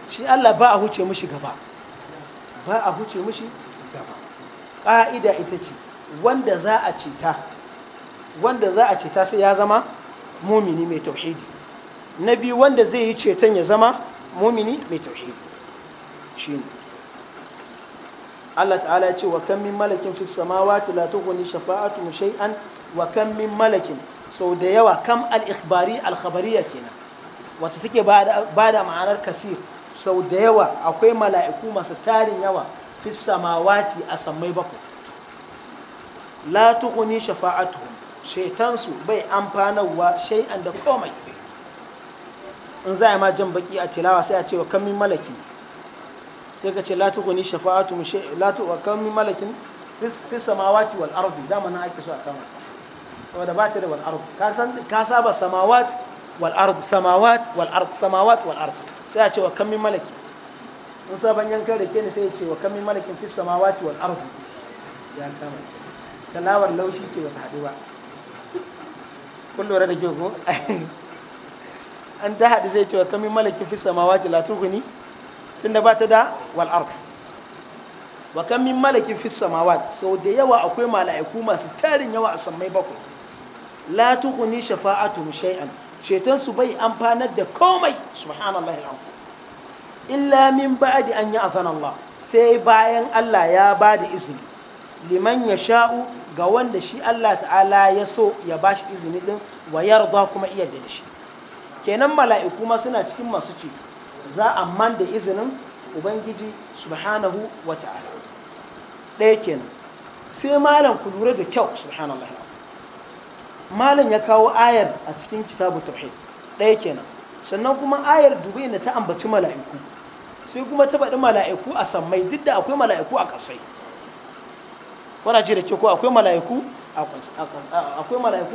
shi Allah ba a huce mushi gaba ba a huce mushi gaba ƙa'ida ita ce wanda za a ce ta wanda za a ce ta sai ya zama mumini mai tauhidi na biyu wanda zai yi ceton ya zama mumini mai tauhidi Allah ta'ala ya ce wa kan min malakin fi samawati la tughni shafa'atu shay'an wa kan min malakin sau da yawa kam al-ikhbari al-khabariya kenan wata take ba da ma'anar kasir sau da yawa akwai mala'iku masu tarin yawa fi samawati a samai bakwai la tughni shafa'atuhum shaitansu bai amfanarwa shay'an da komai in za a ma jan baki a tilawa sai a ce wa kamin malaki sai ka ce latu guni shafa'atu mushe latu wa kamin malakin fi samawati wal ardi dama na ake so a kama saboda ba ta da wal ardi ka san ka saba samawat wal ardi samawat wal ardi samawat wal ardi sai a ce wa kamin malaki in saban yankan ke ne sai ya ce wa kamin malakin fi samawati wal ardi ya kama talawar laushi ce ba ta haɗu ba kun lura da ke ko an ta haɗu ci cewa kamin malakin fi samawati la tughni tunda ba ta da wal ard wa kamin malakin fi samawati sau da yawa akwai mala'iku masu tarin yawa a sammai bakwai la tughni shafa'atuhum shay'an ceton su bai amfanar da komai subhanallahi alazim illa min ba'di an ya'zana Allah sai bayan Allah ya ba da izini liman ya sha'u ga wanda shi Allah ta'ala ya so ya bashi izini din wa yarda kuma iya da shi kenan mala'iku ma suna cikin masu ce za a man da izinin ubangiji subhanahu wa ta'ala ɗaya kenan sai malam ku lura da kyau subhanallah malam ya kawo ayar a cikin kitabu tauhid ɗaya kenan sannan kuma ayar dubai da ta ambaci mala'iku sai kuma ta faɗi mala'iku a sammai duk da akwai mala'iku a ƙasai wana ji da ke ko akwai mala'iku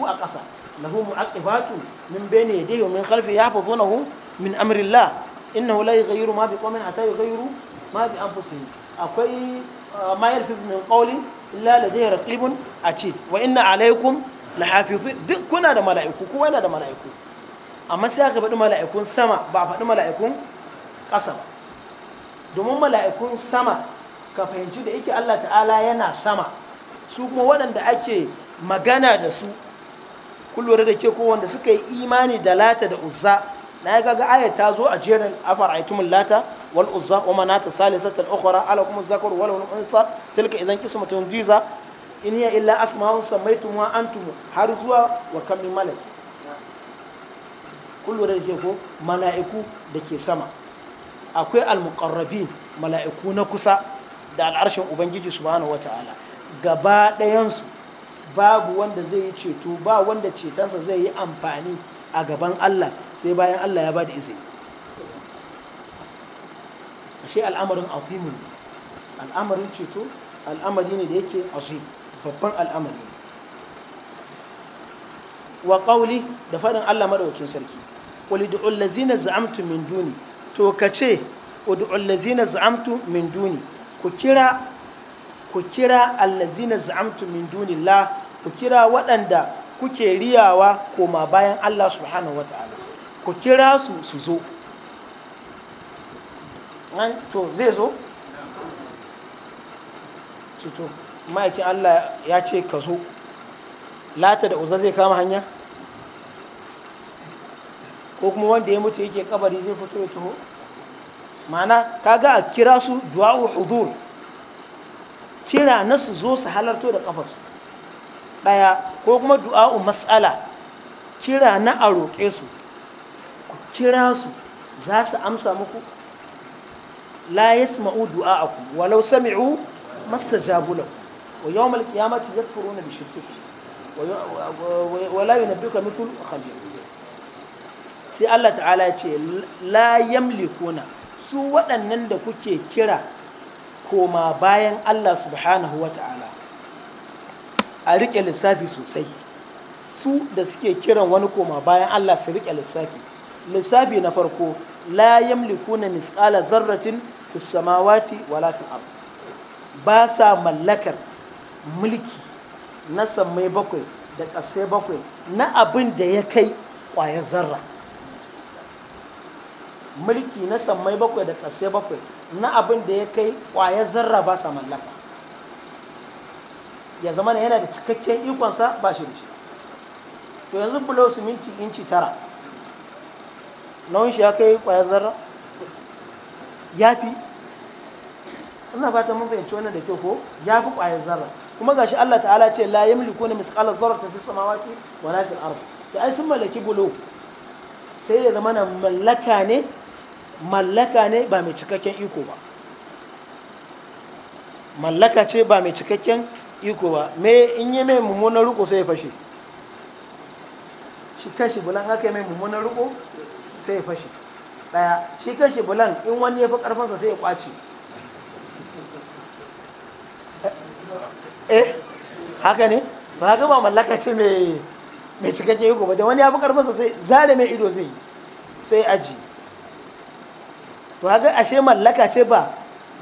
a ƙasa lahu mu'aqibatu min bayni yadihi wa min khalfihi yahfazunahu min amrillah innahu la yughayyiru ma biqawmin hatta yughayyiru ma bi anfusihim akwai uh, ma yalfiz min qawlin illa ladayhi raqibun atid wa inna alaykum lahafizun duk kuna da mala'iku kowa da mala'iku amma sai aka faɗi mala'ikun sama ba a faɗi mala'ikun ƙasa domin mala'ikun sama ka fahimci da yake Allah ta'ala yana sama su kuma waɗanda ake magana da su kun lura da ke ko wanda suka yi imani da lata da uzza na ga ga aya ta zo a jerin afar aitumin lata wal uzza wa manata thalithatan ukhra ala kum dhakar wa lahum unsa tilka idan qismatun jiza in hiya illa asma'un sammaytum wa antum har zuwa wa kam min malak kun lura da ke ko mala'iku da ke sama akwai almukarrabin mala'iku na kusa da al'arshin ubangiji subhanahu wataala gaba ɗayansu babu wanda zai yi ceto ba wanda cetonsa zai yi amfani a gaban Allah sai bayan Allah ya ba da izini ashe al'amarin azimin al'amarin ceto al'amari ne da yake azim babban al'amari ne wa qawli da faɗin Allah maɗaukin sarki qul ud'u allazina za'amtu min duni to ka ce kace ud'u allazina za'amtu min duni ku kira ku kira allazina za'amtu min dunillah ku kira waɗanda kuke riyawa koma bayan Allah subhanahu wata'ala ku kira su su zo nan to zai zo to ma'aikin Allah ya ce ka zo lata da uza zai kama hanya ko kuma wanda ya mutu yake kabari zai fito ya taho ma'ana kaga a kira su du'a'u hudur kira na su zo su halarto da kafas ɗaya ko kuma du'a'u mas'ala kira na a roƙe su ku kira su za su amsa muku la yasma'u du'a'akum walau sami'u mastajabu lakum wa yawmal qiyamati yakfuruna bi shirkikum wa la yunabbiuka mithlu khabir sai Allah ta'ala ya ce la yamlikuna su waɗannan da kuke kira koma bayan Allah subhanahu wa ta'ala a riƙe lissafi sosai su da suke kiran wani koma bayan Allah su riƙe lissafi lissafi na farko la yamlikuna misƙala zarratin fi samawati wala ba sa mallakar mulki na samai bakwai da ƙasai bakwai na abin da ya kai ƙwayar zarra mulki na samai bakwai da ƙasai bakwai na abin da ya kai kwayar zarra ba sa mallaka ya zama yana da cikakken ikonsa ba shi da shi to yanzu bulo minti inci tara nauyin shi ya kai kwayar zarra ya fi ina fata mun fahimci wannan da kyau ko ya fi kwayar zarra kuma gashi Allah ta'ala ce la yamliku na mithqala dharratin fi samawati wa la fil ard to ai sun mallaki bulo sai ya zama na mallaka ne mallaka ne ba mai cikakken iko ba mallaka ce ba mai cikakken iko ba me in yi mai mummunan riko sai ya fashe shi kashi bulan haka yi mai mummunan riko sai ya fashe daya shi kashi bulan in wani ya fi karfansa sai ya kwace eh haka ne ba ga ba mallaka ce mai cikakken iko ba da wani ya fi karfansa sai zare mai ido zai sai aji to haka ashe mallaka ce ba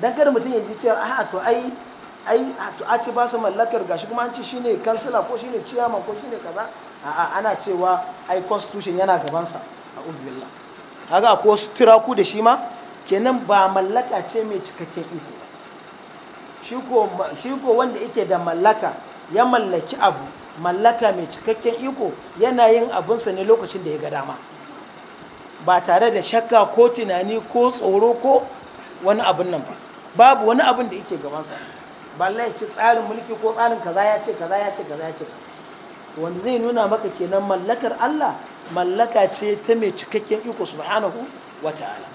don kada mutum ya ji cewa a'a to ai ai to a ce ba su mallakar gashi kuma an ce shine kansila ko shine chairman ko shine kaza a'a ana cewa ai constitution yana gaban sa a'udhu haka ko tiraku da shi ma kenan ba mallaka ce mai cikakken iko shi ko wanda yake da mallaka ya mallaki abu mallaka mai cikakken iko yana yin abinsa ne lokacin da ya ga dama ba tare da shakka ko tunani ko tsoro ko wani abin nan ba babu wani abin da yake gabansa ba ya ci tsarin mulki ko tsarin kaza ya ce kaza ya ce kaza ya ce wanda zai nuna maka kenan mallakar Allah mallaka ce ta mai cikakken iko subhanahu wa ta'ala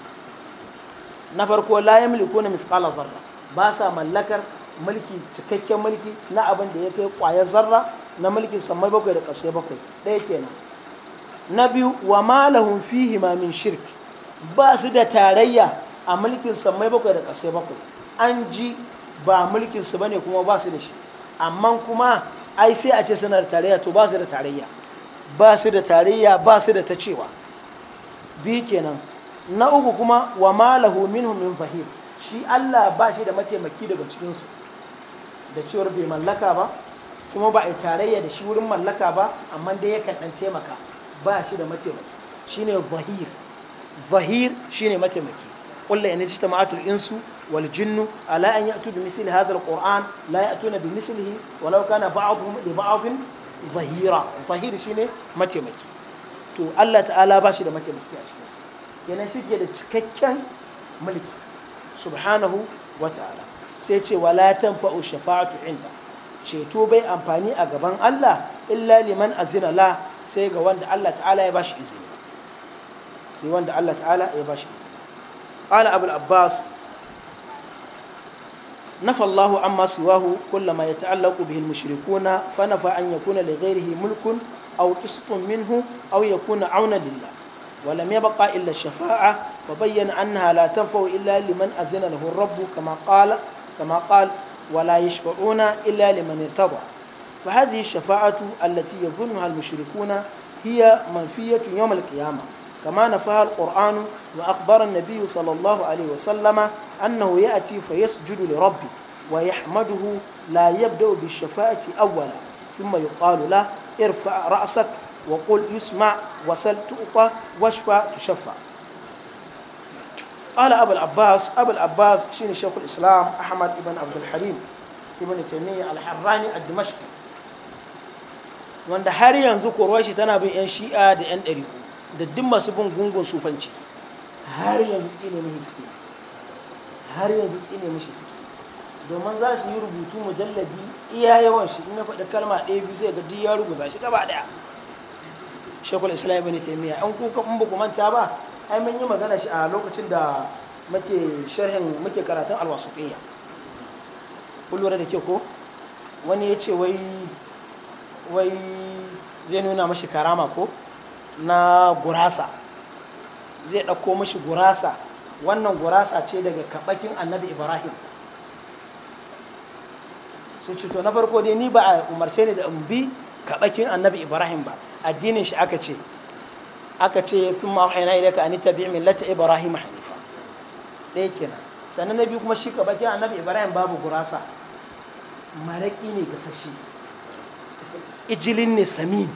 na farko la na mithqala zarra ba sa mallakar mulki cikakken mulki na abin da ya kai kwaya zarra na mulkin samai bakwai da kasai bakwai ɗaya kenan na biyu wa malahun fihi ma min shirk ba su da tarayya a mulkin samai bakwai da kasai bakwai an ji ba mulkin su bane kuma ba su da shi amma kuma ai sai a ce suna da tarayya to ba su da tarayya ba su da tarayya ba su da ta cewa bi kenan na uku kuma wa malahu minhum min fahim shi Allah ba shi da mataimaki daga cikinsu da cewar bai mallaka ba kuma ba a tarayya da shi wurin mallaka ba amma dai yakan dan taimaka ba shi da mataimaki shine zahir zahir shine mataimaki قل إن اجتمعت الإنس والجن ألا أن يأتوا بمثل هذا القرآن لا يأتون بمثله ولو كان بعضهم لبعض ظهيرا ظهير شيء متيمكي تو الله تعالى باشي da mataimaki a cikin su kenan shi ke da cikakken mulki subhanahu wa ta'ala sai ce wala tanfa'u shafa'atu inda ceto bai amfani a gaban Allah illa liman azina la sai ga wanda Allah ta'ala ya ba izini sai ƙala abu al’abbas nafa Allahu an masu wahu ya ta'allaku ƙubihin mushrikuna fanafa an ya kuna da mulkun au wukistun minhu au ya kuna auna lilla wala mai baƙa illa shafa'a ba bayyana ana halatan fa'o illa liman azina lahun rabbu kama ƙal wala ya shafa'una illa liman ya tabba فهذه الشفاعة التي يظنها المشركون هي منفية يوم القيامة كما نفاها القرآن وأخبر النبي صلى الله عليه وسلم أنه يأتي فيسجد لربه ويحمده لا يبدأ بالشفاعة أولا ثم يقال له ارفع رأسك وقل يسمع وسل تؤطى واشفع تشفع قال أبو العباس أبو العباس شين شيخ الإسلام أحمد بن عبد الحليم ابن تيمية الحراني الدمشقي wanda har yanzu shi tana bin 'yan shi'a da 'yan ɗari da duk masu bin gungun sufanci har yanzu tsine mishi suke har yanzu tsine mishi suke domin za su yi rubutu mujalladi iya yawan shi in faɗi kalma ɗaya biyu sai ga duk ya rubuta shi gaba ɗaya shekul islam ibn taymiya an kuka in ba ku manta ba ai mun yi magana shi a lokacin da muke sharhin muke karatun alwasufiyya kun da ke ko wani ya ce wai wai zai nuna mashi karama ko na gurasa zai ɗauko mashi gurasa wannan gurasa ce daga kaɓakin annabi ibrahim su cuto na farko dai ni ba a umarce ni da in bi kaɓakin annabi ibrahim ba addinin shi aka ce aka ce sun ma ma'aina ilaka anita biyu millata ibrahim hanifa ɗaya kenan sannan na biyu kuma shi kaɓakin annabi ibrahim babu gurasa maraƙi ne sashi ijilin ne sami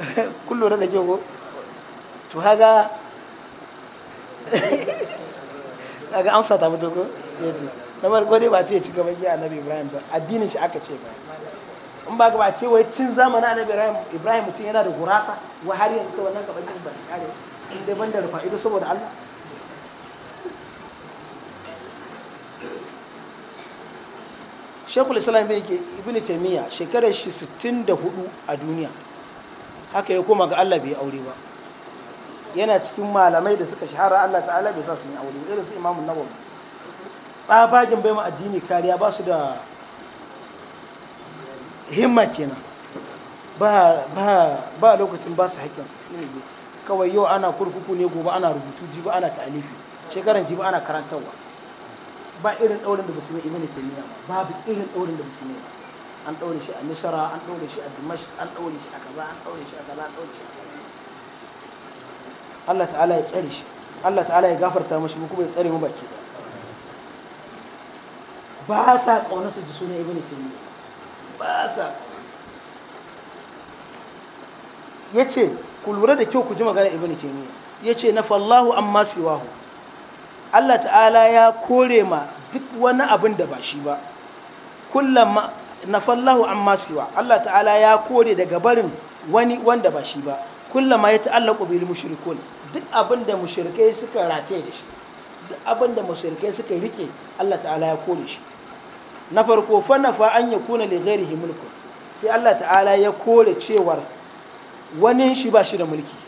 kullum da ke ko to haga haga amsa ta mutu ko ya ce na farko dai ba ce ci gaban giya na ibrahim ba addinin shi aka ce ba in ba ba ce wai tun zamana na ibrahim ibrahim mutum yana da gurasa wa har yanzu wannan gaba giya ba shi kare in dai ban da rufa ido saboda allah shekul islam ibn taimiyya shekarar shi 64 a duniya haka ya koma ga allah bai aure ba yana cikin malamai da suka shahara allah ta'ala bai sa su yi aure ba irin su imamun nawa tsabagen bai ma addini kariya ba su da himma kenan ba lokacin ba su haƙƙinsu ne kawai yau ana kurkuku ne gobe ana rubutu jibi ana ta'alifi shekaran jibi ana karantarwa ba irin ɗaurin da musulmi yi ibn taymiya ba babu irin ɗaurin da musulmi ba an ɗaure shi a nishara an ɗaure shi a dimashq an ɗaure shi a kaza an ɗaure shi a kaza an ɗaure shi a kaza Allah ta'ala ya tsare shi Allah ta'ala ya gafarta mashi mu kuma ya tsare mu baki ba sa kauna su ji sunan ibn taymiya ba sa yace ku lura da kyau ku ji magana ibn taymiya yace na fallahu amma siwahu Allah ta'ala ya kore ma duk wani abin da ba shi ba kullum na fallahu an masuwa Allah ta'ala ya kore daga barin wani wanda ba shi ba ma ya ta'allaku bil mushrikun duk abin da mushrikai suka rataye da shi duk abin da mushrikai suka rike Allah ta'ala ya kore shi na farko fa nafa an yakuna li ghairihi mulku sai Allah ta'ala ya kore cewar wani shi ba shi da mulki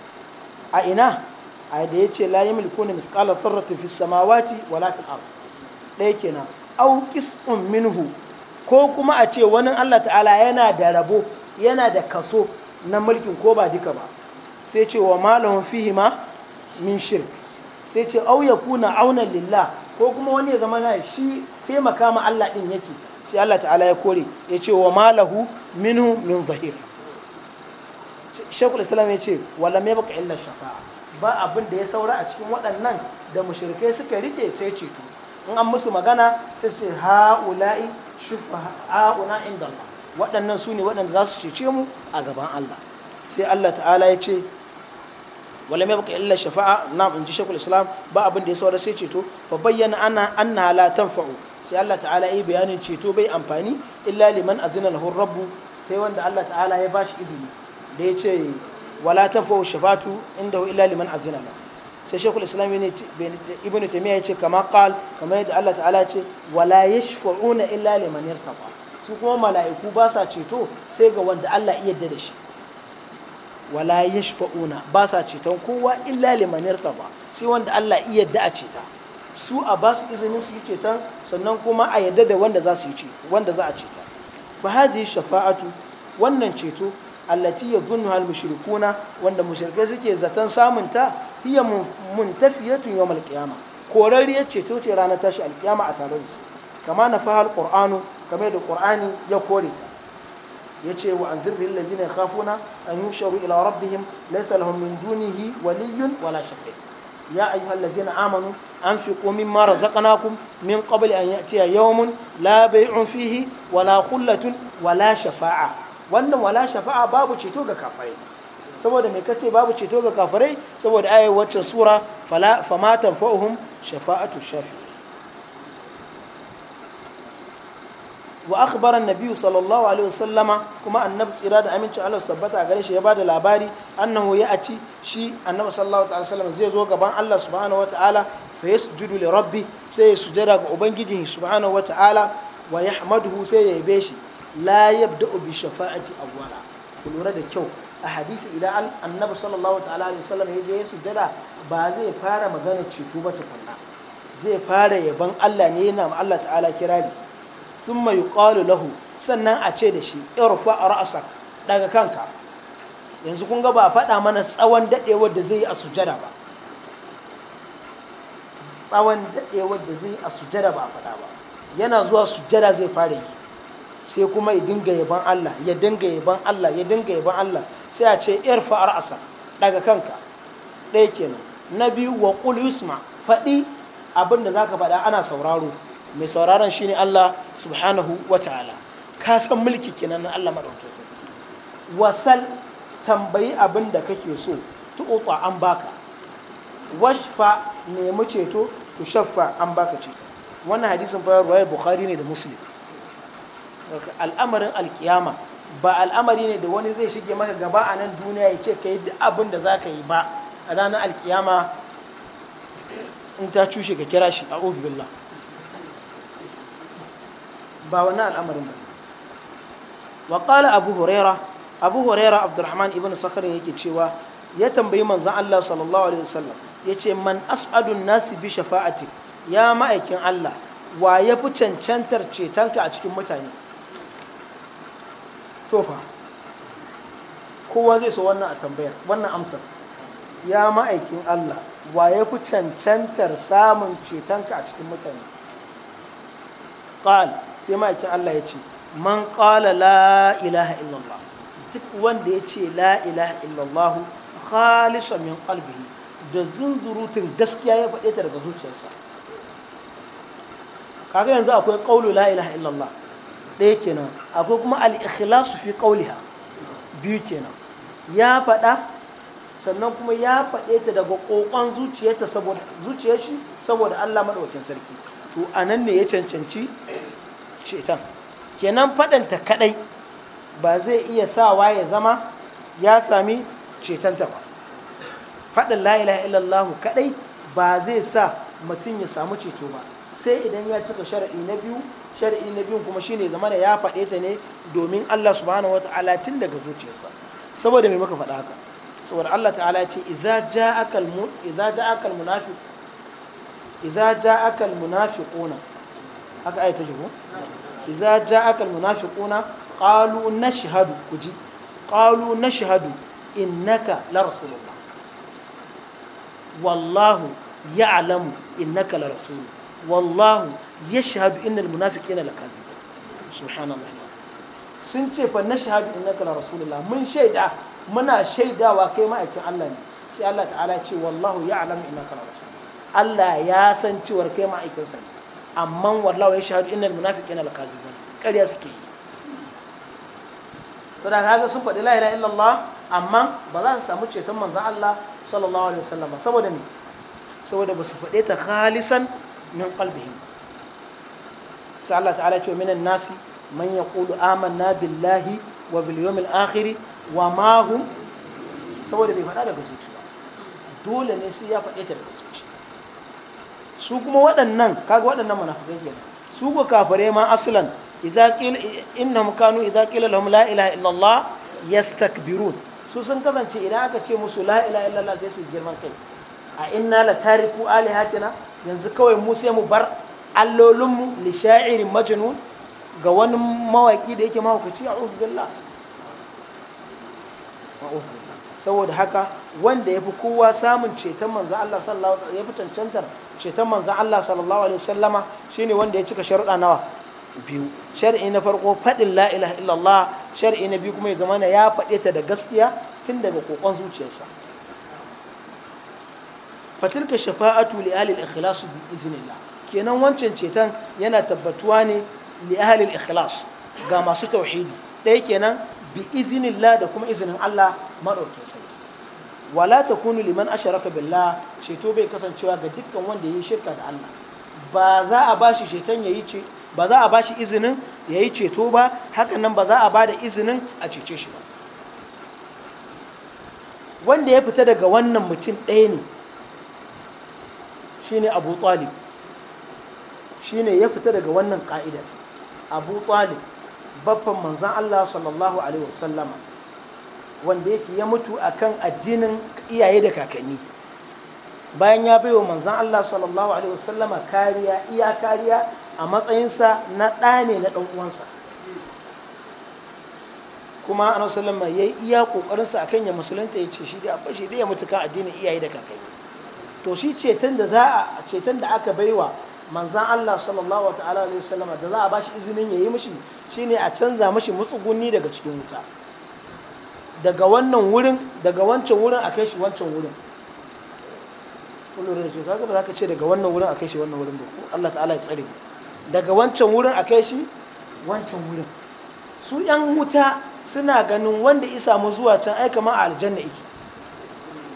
a ina ya da yace la ne mithqala dharratin fi samawati wala fil ard dai kenan au qis'un minhu ko kuma a ce wani Allah ta'ala yana da rabo yana da kaso na mulkin ko ba duka ba sai ce wa malahum fihi ma min shirk sai ce ya yakuna auna lillah ko kuma wani ya zama na shi taimaka ma Allah ɗin yake sai Allah ta'ala ya kore ya ce wa malahu minhu min zahir shekul islam ya ce wala mai baka illa shafa'a ba abin da ya saura a cikin waɗannan da mushrikai suka rike sai ceto in an musu magana sai ce ha'ula'i ha'una inda Allah waɗannan su ne waɗanda za su cece mu a gaban Allah sai Allah ta'ala ya ce wala mai baka illa shafa'a na in ji shekul islam ba abin da ya saura sai ceto fa bayyana ana anna la tanfa'u sai Allah ta'ala yi bayanin ceto bai amfani illa liman azina lahu rabbu sai wanda Allah ta'ala ya bashi izini da ya ce wala ta tafu shafatu inda illa liman azina la sai shekul islam ne ibnu taymiya yace kama qal kamar yadda Allah ta'ala yace wala yashfa'una illa liman irtaqa su kuma mala'iku ba sa ceto sai ga wanda Allah iya yarda da shi wala yashfa'una ba sa ceton kowa illa liman irtaqa sai wanda Allah iya yarda a ceta su a ba su izinin su yi ceton sannan kuma a yarda da wanda za su yi wanda za a ceta fa hadhihi shafa'atu wannan ceto allati yadhunnu al mushrikuna wanda mushrikai suke zaton samun ta hiya muntafiyatun yawm al qiyama korariyar ceto ce ranar tashi al qiyama a tare da su kama na fahal qur'anu kamar da qur'ani ya kore ta yace wa anzir bil ladina yakhafuna an yusharu ila rabbihim laysa lahum min dunihi waliyyun wala shafiq ya ayyuhal ladina amanu anfiqu mimma razaqnakum min qabli an ya'tiya yawmun la bay'un fihi wala khullatun wala shafa'a wannan wala shafa'a babu ceto ga kafirai saboda mai kace babu ceto ga kafirai saboda ayi waccan sura fala fama tanfa'uhum shafa'atu shafi wa akhbara an-nabi sallallahu alaihi wasallama kuma annabi tsira da aminci Allah su tabbata a gare shi ya bada labari annahu ya aci shi annabi sallallahu alaihi wasallam zai zo gaban Allah subhanahu wataala fa yasjudu li rabbi sai ya sujada ga ubangiji subhanahu wataala wa yahmaduhu sai ya yabe shi la yabda'u bi shafa'ati awwala ku lura da kyau a hadisi idan annabi sallallahu ta'ala alaihi wasallam ya je ya sujjada ba zai fara magana ceto ba tukunna zai fara yaban Allah ne yana ma Allah ta'ala kirari thumma yuqalu lahu sannan a ce da shi a ra'sak daga kanka yanzu kun ga ba faɗa mana tsawon dadewar da zai yi a sujjada ba ba yana zuwa sujjada zai fara yi sai kuma ya dinga yaban Allah ya dinga yaban Allah ya dinga yaban Allah sai a ce fa'ar asa daga kanka ɗaya kenan na biyu wa ƙul yusma faɗi abin da zaka faɗa ana sauraro mai sauraron shi ne Allah subhanahu wa ta'ala ka san mulki kenan na Allah madaukakin sai. wasal tambayi abin da kake so tuƙuƙa an baka washfa nemi ceto tushaffa an baka ceto wannan hadisin fa ruwayar bukhari ne da muslim al'amarin alkiyama ba al'amari ne da wani zai shige maka gaba a nan duniya ya ce ka yi abin da za ka yi ba a ranar alkiyama in ta cushe ka kira shi a billah ba wani al'amarin ba wa qala abu huraira abu huraira abdurrahman ibn sakhar yake cewa ya tambayi manzon Allah sallallahu alaihi wasallam yace man as'adun nasi bi shafa'ati ya ma'aikin Allah wa ya fi cancantar cetonka a cikin mutane to fa kowa zai so wannan a tambayar wannan amsar ya ma'aikin Allah wa ya fi cancantar samun cetonka a cikin mutane qal sai ma'aikin Allah ya ce man kala la ilaha illallah duk wanda ya ce la ilaha illallah khalisan min qalbihi da zunzurutun gaskiya ya faɗe ta daga zuciyarsa kaga yanzu akwai ƙaulu la ilaha illallah ɗaya kenan akwai kuma al fi ƙauliha biyu kenan ya faɗa sannan kuma ya faɗe ta daga kokon zuciya saboda shi saboda Allah maɗaukin sarki to a nan ne ya cancanci cetan kenan faɗanta kadai ba zai iya sawa ya zama ya sami cetanta ba faɗin la’ila ilaha illallah kadai ba zai sa mutum ya samu ceto ba sai idan ya cika sharaɗi na biyu shar'i na biyun kuma shine zamana ya faɗe ta ne domin Allah subhanahu wataala tun daga zuciyarsa saboda me muka faɗa haka saboda Allah ta'ala ya ce idza ja'aka al idza ja'aka al munafiq idza ja'aka al munafiquna haka ayat ta jibo idza ja'aka al munafiquna qalu nashhadu kuji qalu nashhadu innaka la rasulullah wallahu ya'lamu innaka la rasul wallahu yashhadu innal munafiqina lakadhibun subhanallah sun ce fa na shahadu in na kala rasulullah mun shaida muna shaidawa kai ma'aikin Allah ne sai Allah ta'ala ce wallahu in na kala rasul Allah ya san cewar kai ma'aikin sa ne amma wallahu ya shahadu innal munafiqina la kadhibun ƙarya suke yi to da kaga sun faɗi la ilaha illallah amma ba za su samu ceton manzon Allah sallallahu alaihi wasallam saboda me saboda ba su faɗe ta khalisan min qalbihim sa Allah ta'ala ce minan nasi man yaqulu amanna billahi wa bil yawmil akhir wa ma hum saboda bai faɗa daga zuciya dole ne sai ya faɗe ta daga zuciya su kuma waɗannan kaga waɗannan munafikai kenan su ko kafare ma aslan idza qila innahum kanu idza qila lahum la ilaha illallah yastakbirun su sun kasance idan aka ce musu la ilaha illallah sai su girman kai a inna la tariku alihatina yanzu kawai mu sai mu bar allolinmu li sha'irin majnun ga wani mawaki da yake mahaukaci a uzbillah saboda haka wanda ya fi kowa samun ceton manzan Allah sallallahu alaihi ya fi cancantar ceton manzan Allah sallallahu alaihi shi ne wanda ya cika sharuɗa nawa biyu shar'i na farko faɗin la'ila illallah shar'i na biyu kuma ya zama ya faɗe ta da gaskiya tun daga kokon zuciyarsa fatilka shafa'atu li ahli al-ikhlas bi idhnillah kenan wancan ceton yana tabbatuwa ne li ahlil ikhlas ga masu tauhidi ɗaya kenan bi izinillah da kuma izinin Allah maɗaukin sai wala takunu liman asharaka billah ceto bai kasancewa ga dukkan wanda yi shirka da Allah ba za a bashi ceton yayi ce ba za a izinin yayi ceto ba hakan nan ba za a bada izinin a cece shi ba wanda ya fita daga wannan mutum ɗaya ne shine Abu Talib shine ya fita daga wannan ka'idar abu talib babban manzan Allah sallallahu alaihi wasallama wanda yake ya mutu akan addinin iyaye da kakanni bayan ya baiwa manzan Allah sallallahu alaihi wasallama kariya iya kariya a matsayinsa na ɗa ne na ɗan uwansa kuma ana sallama ya yi iya a akan ya musulunta ya ce shi dai abin shi dai ya mutu kan addinin iyaye da kakanni to shi ceton da za a ceton da aka baiwa manzan Allah sallallahu ta'ala alaihi wasallam da za a bashi izinin ya yi mishi shine a canza mishi mutsuguni daga cikin wuta daga wannan wurin daga wancan wurin a kai shi wancan wurin kullum da ke kaga ba za ka ce daga wannan wurin a kai shi wannan wurin ba Allah ta'ala ya tsare daga wancan wurin a kai shi wancan wurin su yan wuta suna ganin wanda isa mu zuwa can ai kamar aljanna yake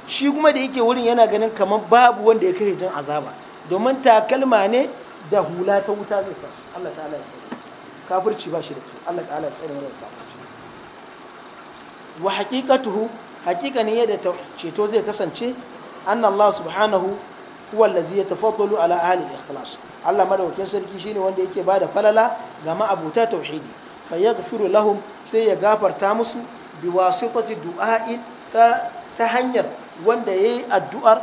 shi kuma da yake wurin yana ganin kamar babu wanda ya kai jin azaba domin takalma ne da hula ta wuta zai sa su Allah ta'ala ya tsare kafirci ba shi da su Allah ta'ala ya tsare mana kafirci wa haqiqatuhu haqiqa ne yadda ta ceto zai kasance anna Allah subhanahu huwa alladhi yatafaddalu ala ahli al-ikhlas Allah madaukakin sarki shine wanda yake bada falala ga ma'abuta tauhidi fayaghfiru lahum sai ya gafarta musu biwasitati du'a'in ta ta hanyar wanda ya yi addu'ar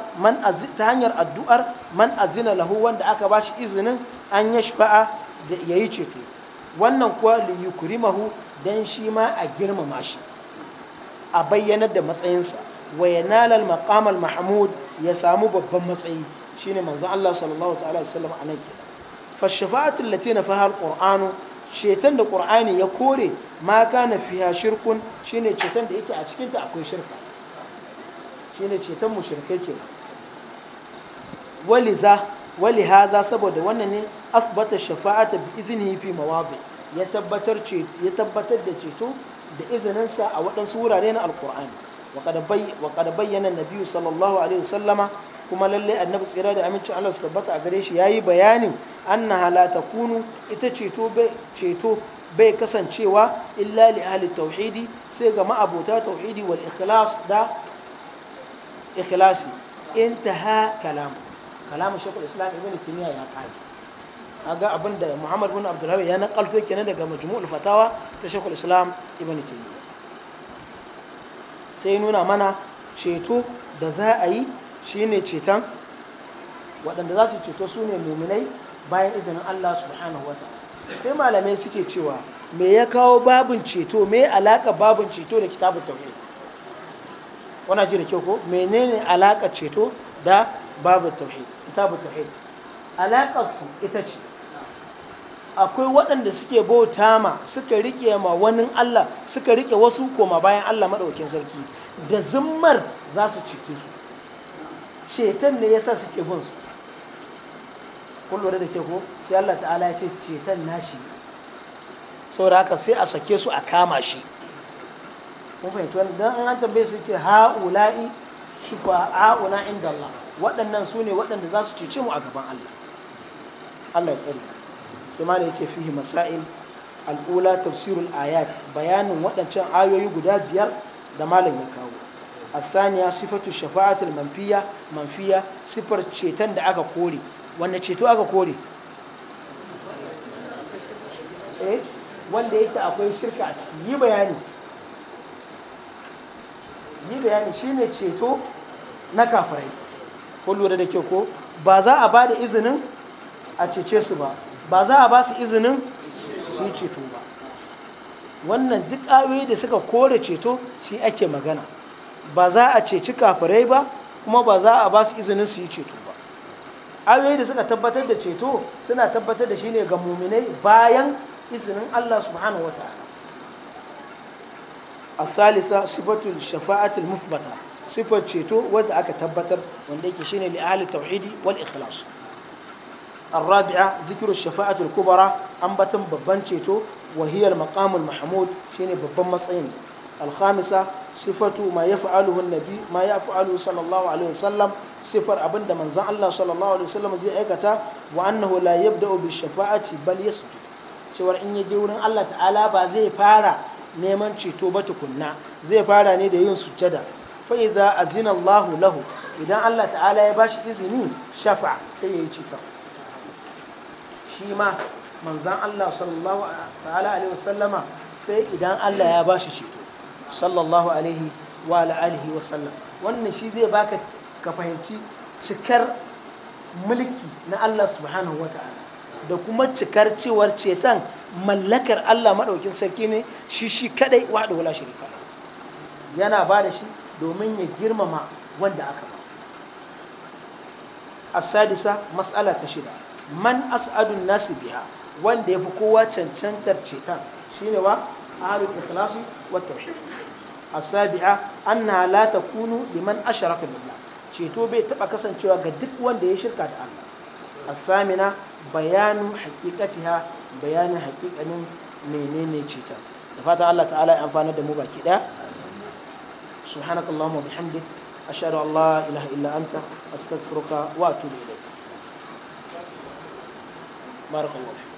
ta hanyar addu'ar man azina lahu wanda aka ba shi izinin an ya shafa'a da ya yi ceto wannan kuwa liyukurimahu don shi ma a girmama shi a bayyanar da matsayinsa wa ya nalal maqamal mahmud ya samu babban matsayi shine manzon Allah sallallahu ta'ala alaihi wasallam anan kenan fa shafa'atul lati nafaha ceton da qur'ani ya kore ma kana fiha shirkun shine ceton da yake a cikinta akwai shirka shine ceton mushrikai kenan waliza wali haza saboda wannan ne asbata shafa'ata bi iznihi fi mawadi ya tabbatar ce ya tabbatar da ceto da izininsa a waɗansu wurare na alqur'ani wa qad bayyana nabiyyu sallallahu alaihi wasallama kuma lalle annabi tsira da amincin Allah su tabbata a gare shi yayi bayanin annaha la takunu ita ceto bai ceto bai kasancewa illa li ahli tauhidi sai ga ma'abota tauhidi wal ikhlas da ikhlasi intaha kalamu kalamu shekul islam ibn timiya ya kare kaga abin da muhammad bin abdullahi ya nakalto kenan daga majmu'ul fatawa ta shekul islam ibn timiya sai nuna mana ceto da za a yi shine ceton waɗanda za su ceto su ne muminai bayan izinin allah subhanahu wa ta'ala sai malamai suke cewa me ya kawo babin ceto me alaka babin ceto da kitabun tauhid wana ji da kyau ko menene alaƙa ceto da babu tauhid kitabu tauhid alaƙar su ita ce akwai waɗanda suke bauta ma suka rike ma wani Allah suka rike wasu koma bayan Allah maɗaukin sarki da zimmar za su cike su shetan ne yasa suke bin su kun da ke ko sai Allah ta'ala ya ce ceton nashi saboda haka sai a sake su a kama shi kun fahimci da dan an tambaye su ce haula'i shufa'auna inda Allah waɗannan su ne waɗanda za su cece mu a gaban Allah Allah ya tsare sai ma yace fihi masail al'ula tafsirul ayat bayanin waɗancan ayoyi guda biyar da malam ya kawo الثانية صفة الشفاعة المنفية منفية صفر ceton da aka kore wanda ceto aka kore eh? wanda yake akwai shirka a ciki yi bayani yi bayani ne ceto na kafirai Kullum lura da ke ko ba za a ba da izinin a cece su ba ba za a ba su izinin su ceto ba wannan duk ayoyi da suka kore ceto shi ake magana ba za a ceci kafirai ba kuma ba za a ba su izinin su yi ceto ba ayoyi da suka tabbatar da ceto suna tabbatar da shi ne ga muminai bayan izinin allah subhanahu wa الثالثة صفة الشفاعة المثبتة صفة شيتو ود أكا تبتر وانديك شيني لأهل التوحيد والإخلاص الرابعة ذكر الشفاعة الكبرى أنبتم ببان شيتو وهي المقام المحمود شيني ببان مسعين الخامسة صفة ما يفعله النبي ما يفعله صلى الله عليه وسلم صفر أبن من زعل الله صلى الله عليه وسلم زي أكتا وأنه لا يبدأ بالشفاعة بل يسجد شوار إن يجي الله تعالى بازي فارا neman ceto ba tukunna zai fara ne da yin sujjada fa idza azina Allah lahu idan Allah ta'ala ya bashi izini shafa sai ya yi ceto shi ma manzan Allah sallallahu ta'ala alaihi wasallama sai idan Allah ya bashi ceto sallallahu alaihi wa alihi wasallam wannan shi zai baka ka fahimci cikar mulki na Allah subhanahu wa ta'ala da kuma cikar cewar ceton mallakar Allah maɗaukin sarki ne shi shi kadai wahdahu la sharika yana ba da shi domin ya girmama wanda aka ba asadisa matsala ta shida man as'adun nasi biya wanda ya fi kowa cancantar ceton shine wa ahlul ikhlasi wat tauhid asabi'a anna la takunu liman asharaka billah ceto bai taba kasancewa ga duk wanda ya shirka da Allah asamina bayanu haqiqatiha bayanin hakikanin menene cuta da fatan Allah ta'ala ya amfana da mu baki daya subhanakallahumma bihamdik ashhadu an la ilaha illa anta astaghfiruka wa atubu ilayk barakallahu